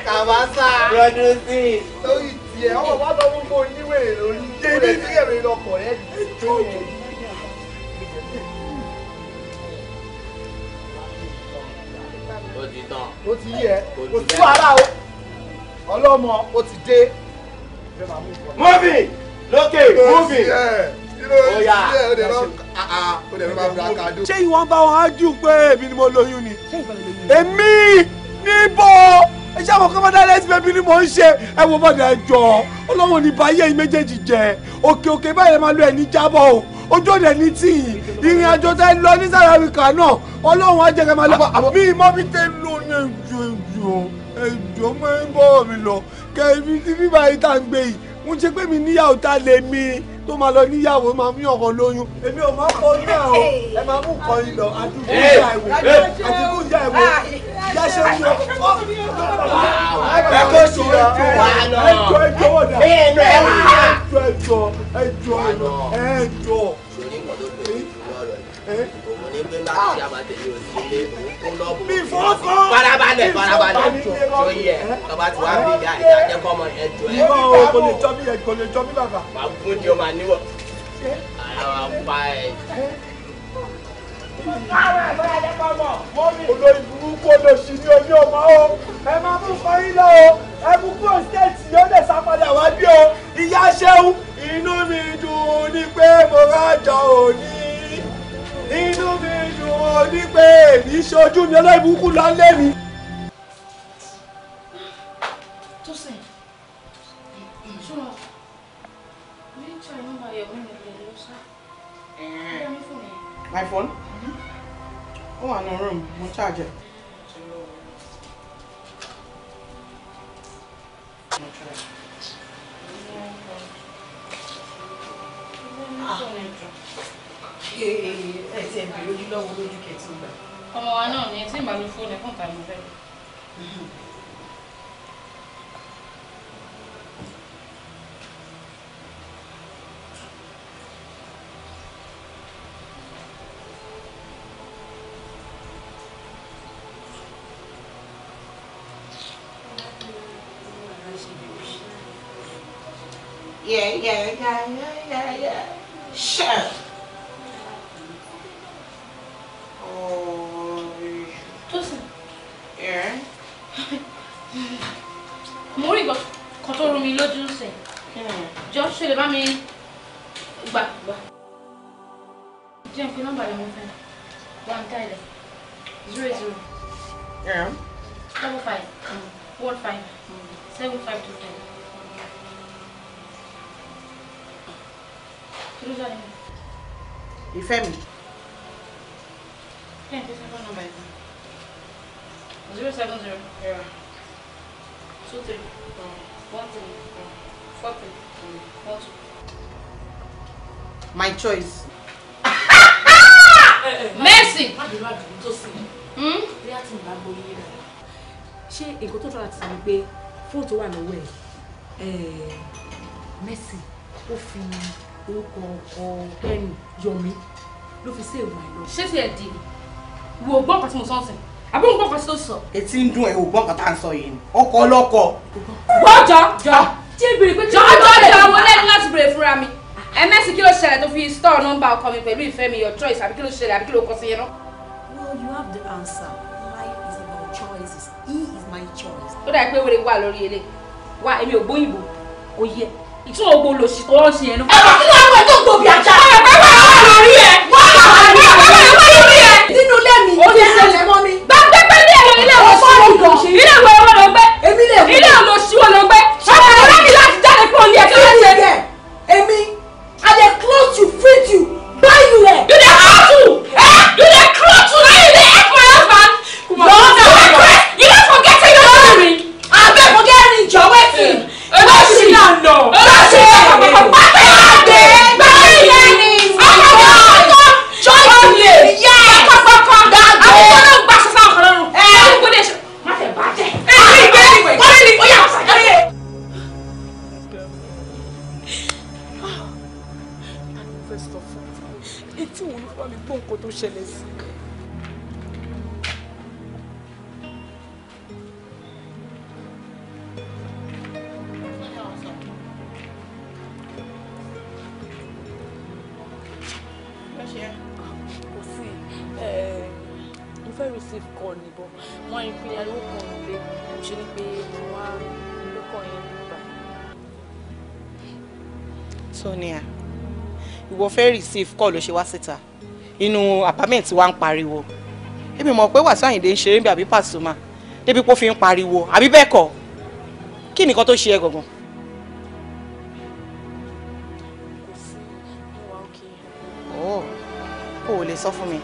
B: Kàwásá. Rọ́dúnsìn. Lórí tiẹ̀, ọmọ wa lọ mú kó oníwèrè lórí. Jẹ́ni tí ẹ̀rọ ìlọkọ̀ rẹ̀ jó
A: ó
C: ti
B: tán ó ti kò sí wàhálà o ọlọ́mọ ó ti dé. múfì lókè múfì oya ah, ah, ṣé ìwọ̀n bá wọn á dùn pé èmi ni mo lóyún ni èmi níbo ẹ ṣe àwọn kọ́mọ́dá lẹ́sìn bẹ́ẹ̀ bí ni mò ń ṣe ẹ wo bọ́dà ẹ jọ ọlọ́run ní báyé yìí méjèèjì jẹ òkè òkè báyìí máa lo ẹ̀ ní jábọ̀ o ojú òde ní tìyìn ìrìn àjò tẹ lọ ní South Africa náà ọlọ́run á jẹ́ kẹ́ máa lọ bí ìmọ̀ bí tẹ lọ
E: ní ẹjọ́ ẹjọ́ ẹjọ́ máa ń bọ̀ mi lọ kẹ́ẹ̀mí tí bíbá yìí tá ń gbé yìí mo ṣe pé mi níyàwó tá a lè mi tó máa lọ níyàwó máa mú ọkọ lóyún èmi ò máa
B: kọ ní àwọn ẹ máa mú kọ yín àdúgbò ìyá ìwé àdúgbò ìyá ìwé yá ṣe ń yọ ẹ kó sí lọ ẹjọ́ ẹjọ́ ọdà ẹjọ́ ẹjọ́ ẹjọ́ ẹjọ́ nígbà tí a bá tẹ̀lé òsì ilé òun lọ bò ó farabalẹ̀ farabalẹ̀ jọ ẹ́. ìwọ o kò lè jọ mí kò lè jọ mí bàbá. wà á gún di ọmọ àníwọ̀
E: ara wa ń pa ẹ̀.
A: Àwọn ẹ̀fọ́ ẹ̀jẹ̀ kan mọ̀,
B: wọ́n mi. Olórí burúkú olóṣì ni omi ọmọ o. Ẹ máa mú kọrin lọ o. Ẹ mú kúrò stéètì yóò lè sá wá bí o. Ìyá Ṣéun, inú mi dùn ní pé mo rájọ òní inú mi dùn ó ní pé èmi ṣojú mi ọlọ́ìbùkún lọ́lé mi. My phone?
A: Mm-hmm.
B: Oh, I room. Mo charge it.
D: Ah ẹ ti ẹ̀ lójú kẹtì gbà.
A: ọmọ wa náà ni tí màá lo fóònù ẹ̀kọ́ ta ló fẹ́.
B: Yeah, yeah,
A: yeah, yeah, yeah, yeah.
D: Sure.
A: boy. Yeah. Mo rí nǹkan tó rú mi lójú sẹ̀. Hmm. Jọ ṣe lè bá mi gbà gbà. Jẹ́ n pe nọ́mbà rẹ̀ mo fẹ́. One tile. Zero zero. Yeah. Double five. Mm. One five. Seven five two ten. Kí ló jáde? Ìfẹ́ mi. Can't this phone number? Zero seven zero. Yeah. Two three. One three. Four three. One two.
B: My choice.
A: Mercy. Hmm? ṣé nǹkan tó dára ti sọ ni pé fóònù tó wà lọ́wọ́ ẹ̀ Mercy ó fi orúkọ ọkọ kẹ́ni yọ̀mí ló fi ṣèwà lọ. ṣé ti ẹ̀ dì í wo gbọ́ nǹkan tí mo sọ ọ̀sìn àbí òun gbọ́ nǹkan tí ó sọ.
B: etí ń dún ẹ̀ wò gbọ́ nǹkan tá à ń sọ yìí ni ọkọ ọlọ́kọ. gbọ́jọ jọ tí
A: ìbèrè pé jọ jọ jọ mo lẹ́nu láti béèrè fúnra mi ẹ̀mẹ́sì kí ló ṣẹlẹ̀ tó fi store nọ́mbà ọkọ mi pẹ̀lú ìfẹ́ mi your choice àbí kí ló ṣẹlẹ̀ àbí kí ló kọ sí yẹn náà.
D: well you have the answer life is about
A: choices he is my choice. ó dàbí pé wèrè wà lórí ele wà èmi ò gbóyìnbó òye ìtún ògbó lòsì tó ń ṣe yẹn mi orí ìṣẹ̀lẹ̀ mọ́ mi. gbàgbé pé ilé ẹ̀rọ ilé ọ̀rọ̀ fọ́ọ̀mù kan ilé ìwé ọ̀rọ̀ ló gbé ilé ọ̀rọ̀ ṣíwọ́ ló gbé ọ̀rọ̀ ọ̀rọ̀ mi láti jáde kúrò ní ẹ̀kí ló ṣe. èmi i dey close you feed you buy you ẹ. you
B: dey close you
A: eh you dey close you now you dey help my husband. no no no you no forget your you don marry. abeg forget me jọ wetin. ẹ bá ṣì ń lọ.
B: ìwọ fẹ́ receive call ló ṣe wá síta inú apartment wa ń pariwo èmi mọ̀ pé Wàsíù Àyìndé ń ṣeré bí àbí Pasuma débi pé fi ń pariwo àbí bẹ́ẹ̀ kọ́ kí nìkan tó ṣe ẹ gangan. Oh, o lè sọ fún mi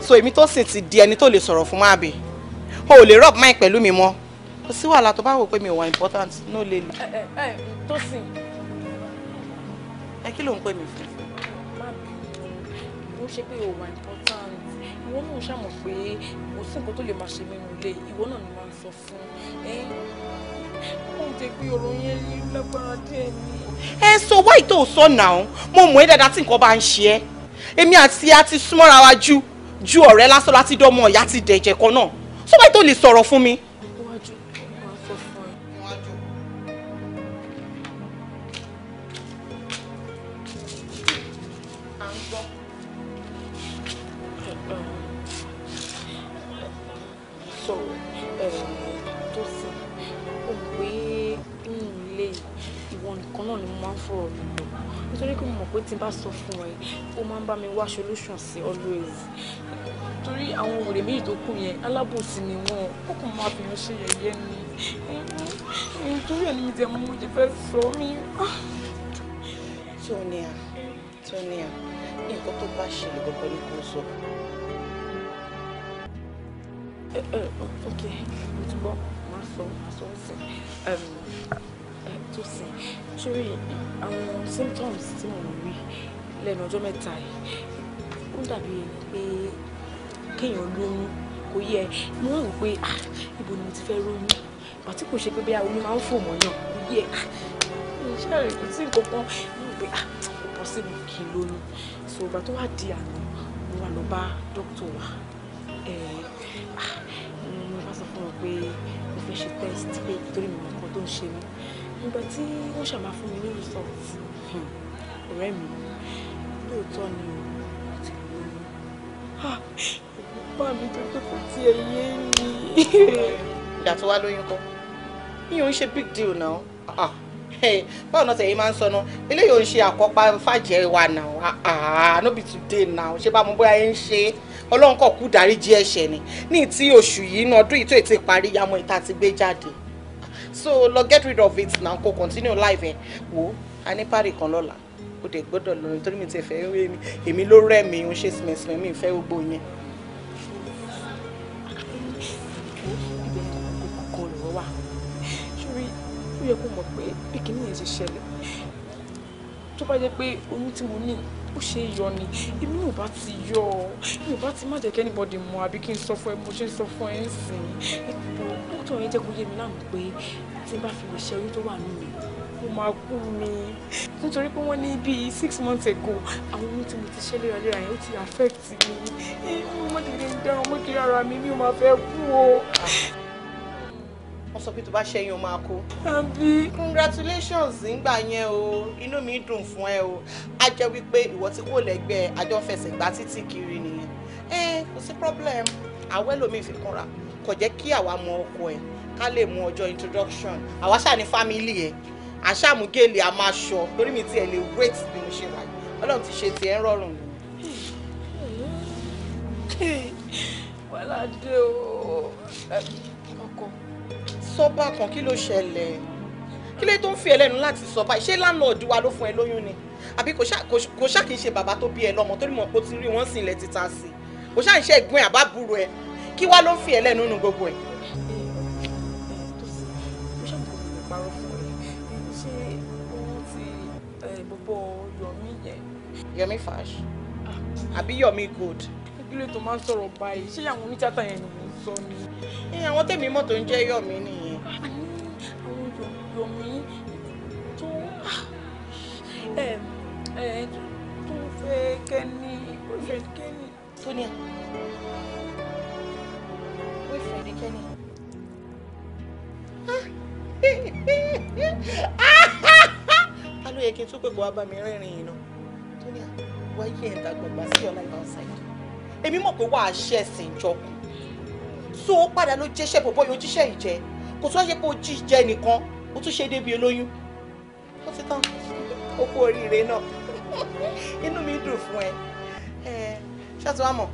B: so èmi tó sì ti di ẹni tó lè sọ̀rọ̀ fún máa bè o ò lè rub mind pẹ̀lú mi mọ́ kò sí wàhálà tó bá wò pé mi ò wà important no lè lè.
A: ẹ ẹ tó sìn. ẹ kí ló ń pè mí fún ṣe pé òwà important ìwọ náà ṣàmọ̀ pé kò sí nǹkan tó lè máa ṣe nínú ilé
D: ìwọ náà ni máa ń sọ fún ẹ ó ń jẹ pé ọ̀rọ̀ yẹn ní lágbára díẹ̀ ni.
B: ẹ sọ wá ìtò sọ náà mo mọ ẹ dáadáa tí nǹkan bá ń ṣe ẹ èmi àti a ti súnmọ́ra wa ju ju ọ̀rẹ́ lásán láti dọ́mọ ìyá ti dẹ̀jẹ̀ kan náà sọ wá ìtò lè sọ̀rọ̀ fún mi.
A: tí n bá sọ fún ẹ ó máa ń bá mi wá solution sí always torí àwọn wèrè méjì tó kù yẹn alábòsí ni wọn ó kàn máa fi hàn ṣe yẹ̀yẹ́ ni nítorí ẹni mi ti mú oúnjẹ fẹ́ sọ
B: mí. Tonia Tonia nǹkan tó bá ṣẹlẹ̀ gbọ́dọ̀ ni kò sọ. ok
A: mo ti gbọ́ máa sọ máa sọ ó sì tó sì ṣé àwọn symptoms tí mo rí lẹ́nu ọjọ́ mẹ́ta yìí ó dàbí pé kéèyàn lóyún kò yẹ mo rò pé ibo ni mo ti fẹ́ lóyún pàtí kò ṣe pé bí oyún máa ń fò mọ́ yàn kò yẹ
B: iṣẹ́ rẹ̀ kò sí nǹkan kan mo rò pé kò bọ́ sí mi kì í lóyún so ìgbà tó wà di àná mo wà lọ bá dókítà wa mo bá sọ
A: fún wọn pé mo fẹ́ ṣe test pé torí mi nǹkan tó ń ṣe mí nígbà tí wọ́n ṣàmà fún mi ní result hmm, ọ̀rẹ́ mi lóòótọ́ ni o ti
B: lóyún ìgbà mi tó tó kò tiẹ̀ yé mi. ìyá tó wá lóyún kọ́ yíyan ń ṣe big deal náà ah, báwo náà tẹ̀yìn máa ń sọnù eléyìí ò ń ṣe àkọ́pá fàjẹ́ wa náà ah, ah, no be today now ṣé bá mo bóyá ẹ ń ṣe ọlọ́run kọ̀ kú dáríjì ẹ̀ṣẹ̀ ni ní ti oṣù yìí inú ọdún ìtò ètò ìparí yàmọ̀ ìta ti gbé jáde so lọ get rid of it now kó continue life ẹ̀ wò a ní pàrí kan lọ́la ó dẹ̀ gbọ́dọ̀ lọ nítorí mi ti fẹ́ èmi ló rẹ̀ mí ń ṣe sìmẹ̀sìmẹ̀ mi ìfẹ́ gbogbo yẹn. ó yẹ kó mọ̀ pé bíkíní yẹn ti ṣẹlẹ̀ tó bá jẹ́ pé oyún tí mo ní ó ṣe é yọ ni èmi ò bá ti yọ ọ èmi ò bá ti má jẹ́ kẹ́nìbọ̀dì mọ̀ àbí kí n sọ fún ẹ mo ṣe ń sọ fún ẹ ń sìn ipò dókítà yẹn jẹ́ kó yé mi lánàá pé tí n bá fi lè ṣe oyún tó wà nínú mi ó máa kú mi nítorí pé wọ́n ní bíi six months ago àwọn ohun tí mo ti ṣe léraléra yẹn ti affect mi mo ti lè dá ọmọ kiri ara mi mi ò máa fẹ́ kú o. wọ́n sọ pé tó bá ṣẹ́yìn o máa kú. àbí. congratulations ńgbà yẹn o inú mi dùn fún ẹ o a jẹ́ wípé ìwọ tí kò lẹ́gbẹ̀ẹ́ àjọfẹsẹ̀gbá títì kiri nìyẹn ẹ kò sí problem àwẹ́ lomi fi kọ́ra kò jẹ́ kí àwa mọ ọkọ ẹ̀ ká lè mú ọjọ́ introduction àwa ṣáà ní fámìlì ẹ̀ àṣàmúgèlè a máa ṣọ lórí mi tí ẹ lè wait bí mo ṣe wà ọlọ́run ti ṣe ti ẹ ń rọrùn mi. wàhálà o ọkọ. sọ́bà kan kí ló ṣẹlẹ̀ kí ló tó ń fi ẹlẹ́nu láti sọ́bà ṣé láńlọ́ọ̀dù wa ló fún ẹ lóyún ni àbí kò ṣáà kì í ṣe bàbá tó bí ẹ lọ́mọ torí mọ̀ pé ó ti rí wọ́n sì ilẹ̀ títa sí i kò ṣáà ń ṣe ẹ̀gbọ́n ẹ̀ àbábúrò ẹ̀ kí wá ló ń fi ẹlẹ́nu nu gbogbo ẹ̀. Eh, eh, eh,
A: tó sì ń parọ́ fún
B: Ah. Yomi, Fash àbí Yọ̀mí Gold. kí ló tó máa ń sọ̀rọ̀ báyìí ṣé àwọn onítìátà yẹn ni mò ń sọ ni. ẹ àwọn tèmi mọ̀ tó ń jẹ́ Yọ̀mí nìyẹn. Ah, àwọn Yọ̀mí tó ẹ ah, ẹ tó fẹ́ kẹ́ni boyfriend kẹ́ni. tó ní àwọn boyfriend kẹ́ni. ta ló yẹ kí n tún pè kó wá bá mi rẹ́rìn náà. Victoria why here enter God but see your life outside èmi mọ̀ pé wàá ṣe ẹ̀sìn ìjọkùn so ó padà ló jẹ́ṣẹ́ bọ̀bọ́ yóò jíṣẹ́ ìjẹ kò tún ṣe pé ó jí jẹ nìkan ó tún ṣe débi ti tán ó kú oríire náà inú mi dùn fún ẹ ẹ ṣáàtú wa mọ̀.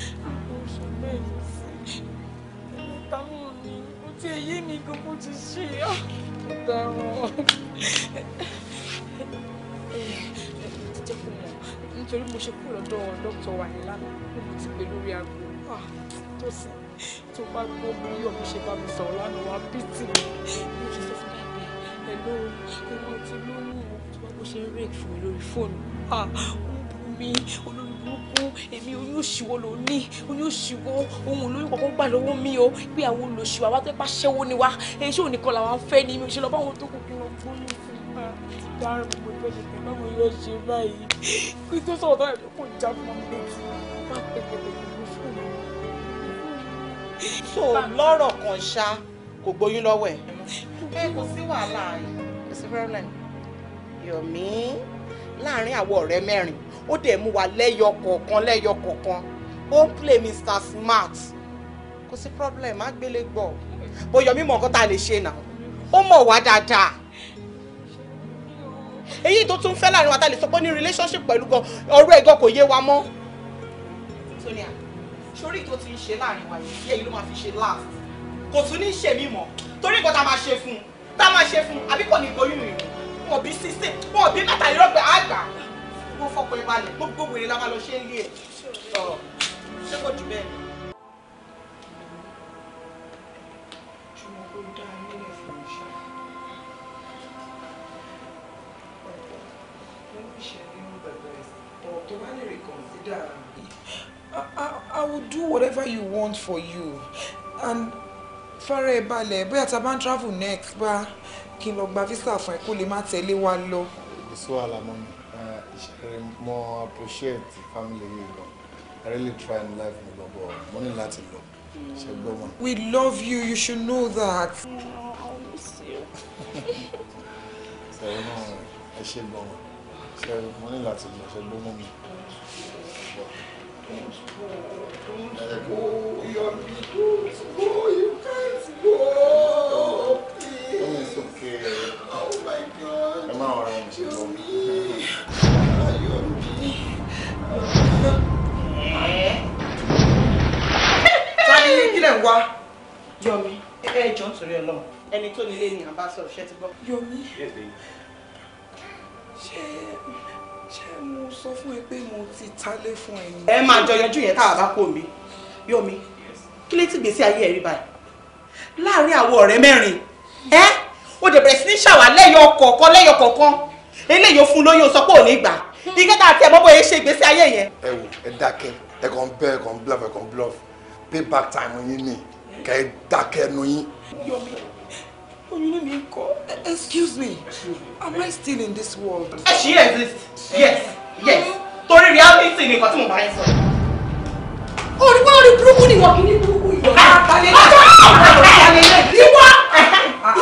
B: táwọn mi kò tí èyí mi gbogbo ti ṣe ọ́ nítorí mo ṣe kúrò lọ́dọ̀ dókítà wà ní lánàá mo kò ti pè lórí aago
D: ah, tó sì
B: tó bá gbọ́ bí ọmọ ṣe bá mi sọ̀rọ̀ lánàá wá bí tì mí mo ṣe sọ fún bàbá ẹ lóhùn ìwọ ti lóhùn tí wọn kò ṣe ń rèé fún mi lórí fóònù ah, ó bú mi olórí burúkú èmi oyún òṣìwọ́ ló ní oyún òṣìwọ́ ohun olóyún kọ̀ọ̀kan gbà lọ́wọ́ mi o pé àwọn olùṣìwọ́ àwọn tó ń pàṣẹwọ́ ni wa èyí òní kan làwọn fẹ́ ni mi dára mi mo lónìí pé báwo yóò ṣe báyìí kí tó sọ̀rọ̀ táyà tó kò já fún mi lójú má pètèpè fún mi. so lọ́rọ̀ kan ṣá kò gbóyún lọ́wọ́ ẹ̀. pé kò sí wàhálà yìí kò sí problem yọ̀mí láàrin àwọn ọ̀rẹ́ mẹ́rin ó dẹ̀ mú wa lẹ́yọ kọ̀ọ̀kan lẹ́yọ kọ̀ọ̀kan ó ń play Mr. Smart kò sí problem má gbélé gbọ́ bó yọ̀mí mọ̀ nǹkan tá a lè ṣe náà ó mọ̀ wá dáadáa èyí tó tún fẹ́ láàrin wa ta lè sọ pé ní relationship pẹ̀lú gan ọ̀rọ̀ ẹ̀gan kò yé wa mọ́. Tonia sórí tó ti ń ṣe láàrin wa yìí yẹ́ yìí ló máa fi ṣe láàfù kò tún ní ṣe mí mọ́ torí nǹkan tá a máa ṣe fún un tá a máa ṣe fún un àbí kò ní gbóyún ìrìn wọn bí sísè wọn bí mẹ́tàlélọ́gbẹ̀ àgbà mo fọkọ ẹ balẹ̀ gbogbo wèrè la máa lọ ṣe ń lé ẹ̀ ṣé kò jù bẹ́ẹ̀ ni. I, I, will do whatever you want for you and fara Bale, balẹ̀ bóyá tá a travel next bá kí n lọ gba visa fún ẹ kó lè má tẹ̀lé wa lọ.
C: èso àlàmọ́ mi ìṣẹ̀rẹ̀ mo appreciate family yìí lọ I really try and life mi lọ bọ̀ mo ní láti lọ ṣe
B: we love you you should know that. No, I miss you. ṣẹ̀rẹ̀ náà
C: ẹ ṣe gbọ́ wọn ṣe mo ní láti lọ ṣe gbóná mi. Ẹ máa ń
B: wá? Ọlọ́run. Ẹni tó nílé ni àbá sọ̀rọ̀ ṣẹ́ ti gbọ́. Yọ̀mí ṣé ṣé mo sọ fún ẹ pé mo ti talé fún ẹ ni. ẹ máa jọ yanjú yẹn táwa bá kó mi yọmi kí lè ti gbèsè ayé ẹ rí báyìí láàárín àwọn ọ̀rẹ́ mẹ́rin ẹ o dẹ̀ bẹ̀rẹ̀ sí ní ṣàwà lẹ́yọ kọ̀ọ̀kan lẹ́yọ kọ̀ọ̀kan eléyìí fún lóyún o sọ pé ò ní gbà ìkẹta àti ẹ̀mọ́bọ̀ yẹn ṣe ìgbésí ayé yẹn.
C: ẹ wò ẹ dákẹ́ ẹ kàn ń bẹ́ ẹ kàn ń bluff ẹ kàn ń bluff payback time yín ni kẹ́ ẹ dákẹ́ nu yín.
B: yọmi oyún mi ń excuse me am I still in this world. ẹ eh, ṣì exist yes yes torí reality ni nǹkan tí mo máa ń sọ. orí oh, bá orí burúkú ni wọ́n kì í ní burúkú yìí. àtàlẹ́ náà àtàlẹ́ náà ìwọ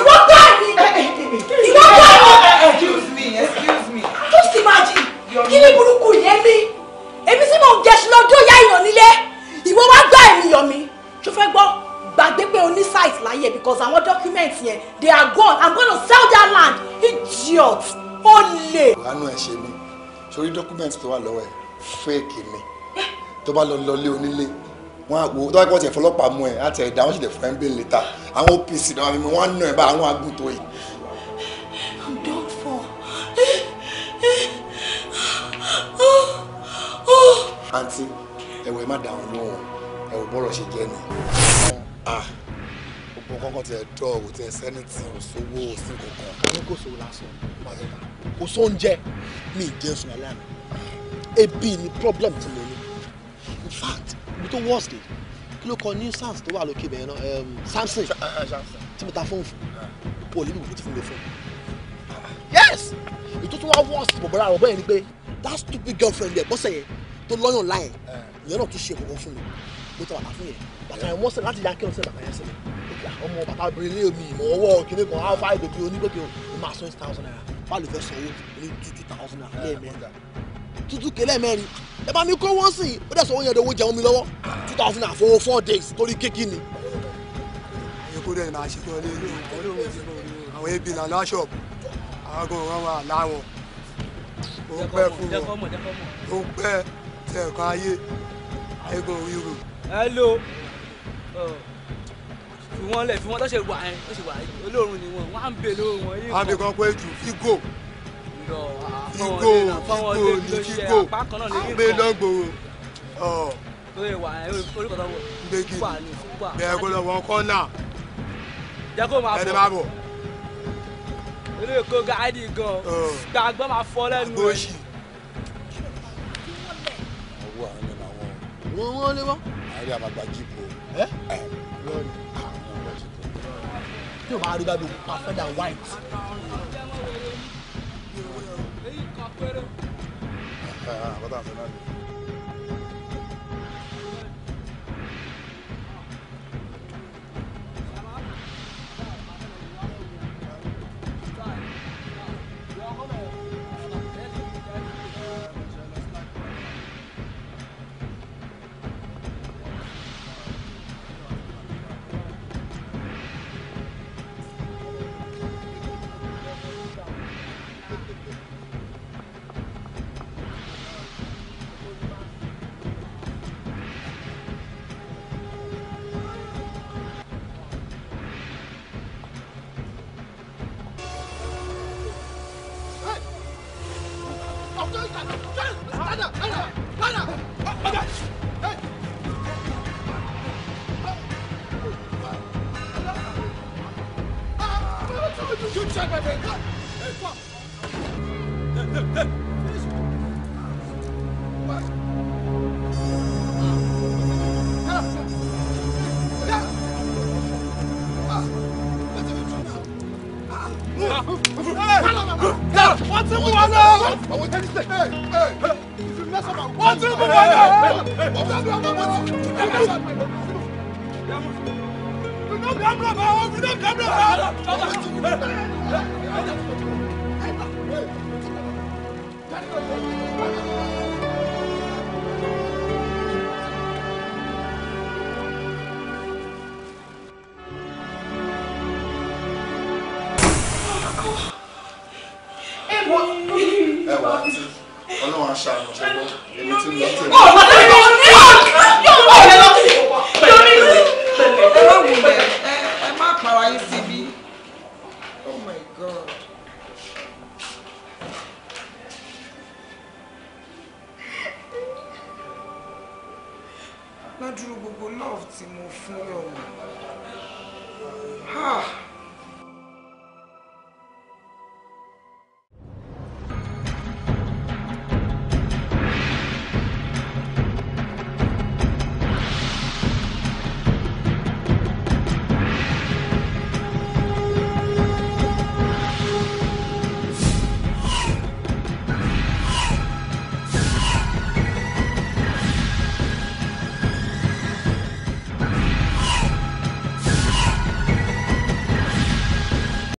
B: ìwọ gbọ́ ni eh, eh, ìwọ gbọ́ ni. excuse me excuse me. just imagine kí ni burúkú yẹn ní èmi tí mò ń jẹ ṣùlọ́dún ó yá ìyàn nílé ìwọ wá gbọ́ ènìyàn mi ṣó fẹ́ gbọ́ gbàgbé pé o ní site láyé because àwọn documents yẹn they are gone i'm gonna sell that land idiot ó lè.
C: àánú ẹ ṣe mí sórí documents tó wà lọ́wọ́ ẹ fake ni tó bá lọ lọlé onílé wọn àgbo tó bá kọ́ tiẹ̀ fọlọ́pàá mú ẹ àti ẹ̀dá wọn sì lè fún ẹ ń bè létà àwọn OPC náà mímú wọn á nà ẹ bá àwọn agùntò yìí.
D: i'm done for.
C: àǹtí ẹ̀wọ̀ ẹ má dà lóhùn ẹ̀wọ̀ bọ́rọ̀ ṣe jẹ́ ni. Ah, gbogbo kankan tiẹ̀ dọ̀ ò tiẹ̀ sẹ́ni tí ò sówó ò sí kankan. àmì kò sówó lásán kò
B: sóúnjẹ mi ì jẹ́ sùn alẹ́ àná ebi ni problem ti mo ní in fact ibi tó worst ni kí ló kọ new sans tó wà lókè bẹ́ẹ̀ náà eh, eh, Samson tí mo ta fóònù fún ah. pọ̀ lẹ́nu ìwé tí fún mi fóònù ah, yes ètò tó wá worst bọ̀bọ̀rọ̀ àrọ̀ bẹ́ẹ̀ ni pé that stupid girlfriend yẹn bọ́sẹ̀ yẹn tó lọ́yàn láyẹ̀ eh. ìyẹn náà tún ṣe kọ̀ọ̀kan fún mi mo tọ́ àtàfún yẹn bàtà yẹn wọ́n sẹ̀ láti yá kí bàtà yẹn sẹ̀ ọmọ bàtà obìnrin lé mi ìmọ̀ ọwọ́ kìnní kan á fà ìdòtí onígbèké o máa san eight thousand naira wà fẹ́ san owó ní two two thousand lẹ́ẹ̀mẹ́rin tútù kẹlẹ́ mẹ́rin ẹ bá mi kó wọ́n sìn ó dẹ̀ sọ owó yẹn dẹ̀ owó jẹun mi lọ́wọ́ two thousand naira for four days torí kéèkì ni. èkó dẹ̀ máa ṣe kọ́ àwọn ẹbí náà láṣọ̀bù àwọn kan wọn ayé ayé kan wíwò. hello fi wọ́n lẹ̀ fi wọ́n tó ṣe wà yẹn tó ṣe wà yẹn olóòrùn ni wọ́n wọ́n á ń bè lóòrùn wọn yìí. àbí kan pé jù fígò fígò fígò ní fígò àbẹ lọ́gbòrò. lóye wà yẹn orúkọ tó wọ gbégi bẹ́ẹ̀ kó lọ wọ́n kọ́ náà jẹ́ kó máa bọ̀ ẹni máa bọ̀. olóyè kó gáàdì gan gbàgbọ́ máa fọ́ lẹ́nu rẹ̀. owó àwọn ẹni máa wọ̀ wọ́n wọ́n lé wọ́n.
C: àyè àmàgbà jíìpù
B: tí o máa rí báyìí pa white. Ah, ah, ah, àbátà fẹ́ náà Come on, come on,
E: come on.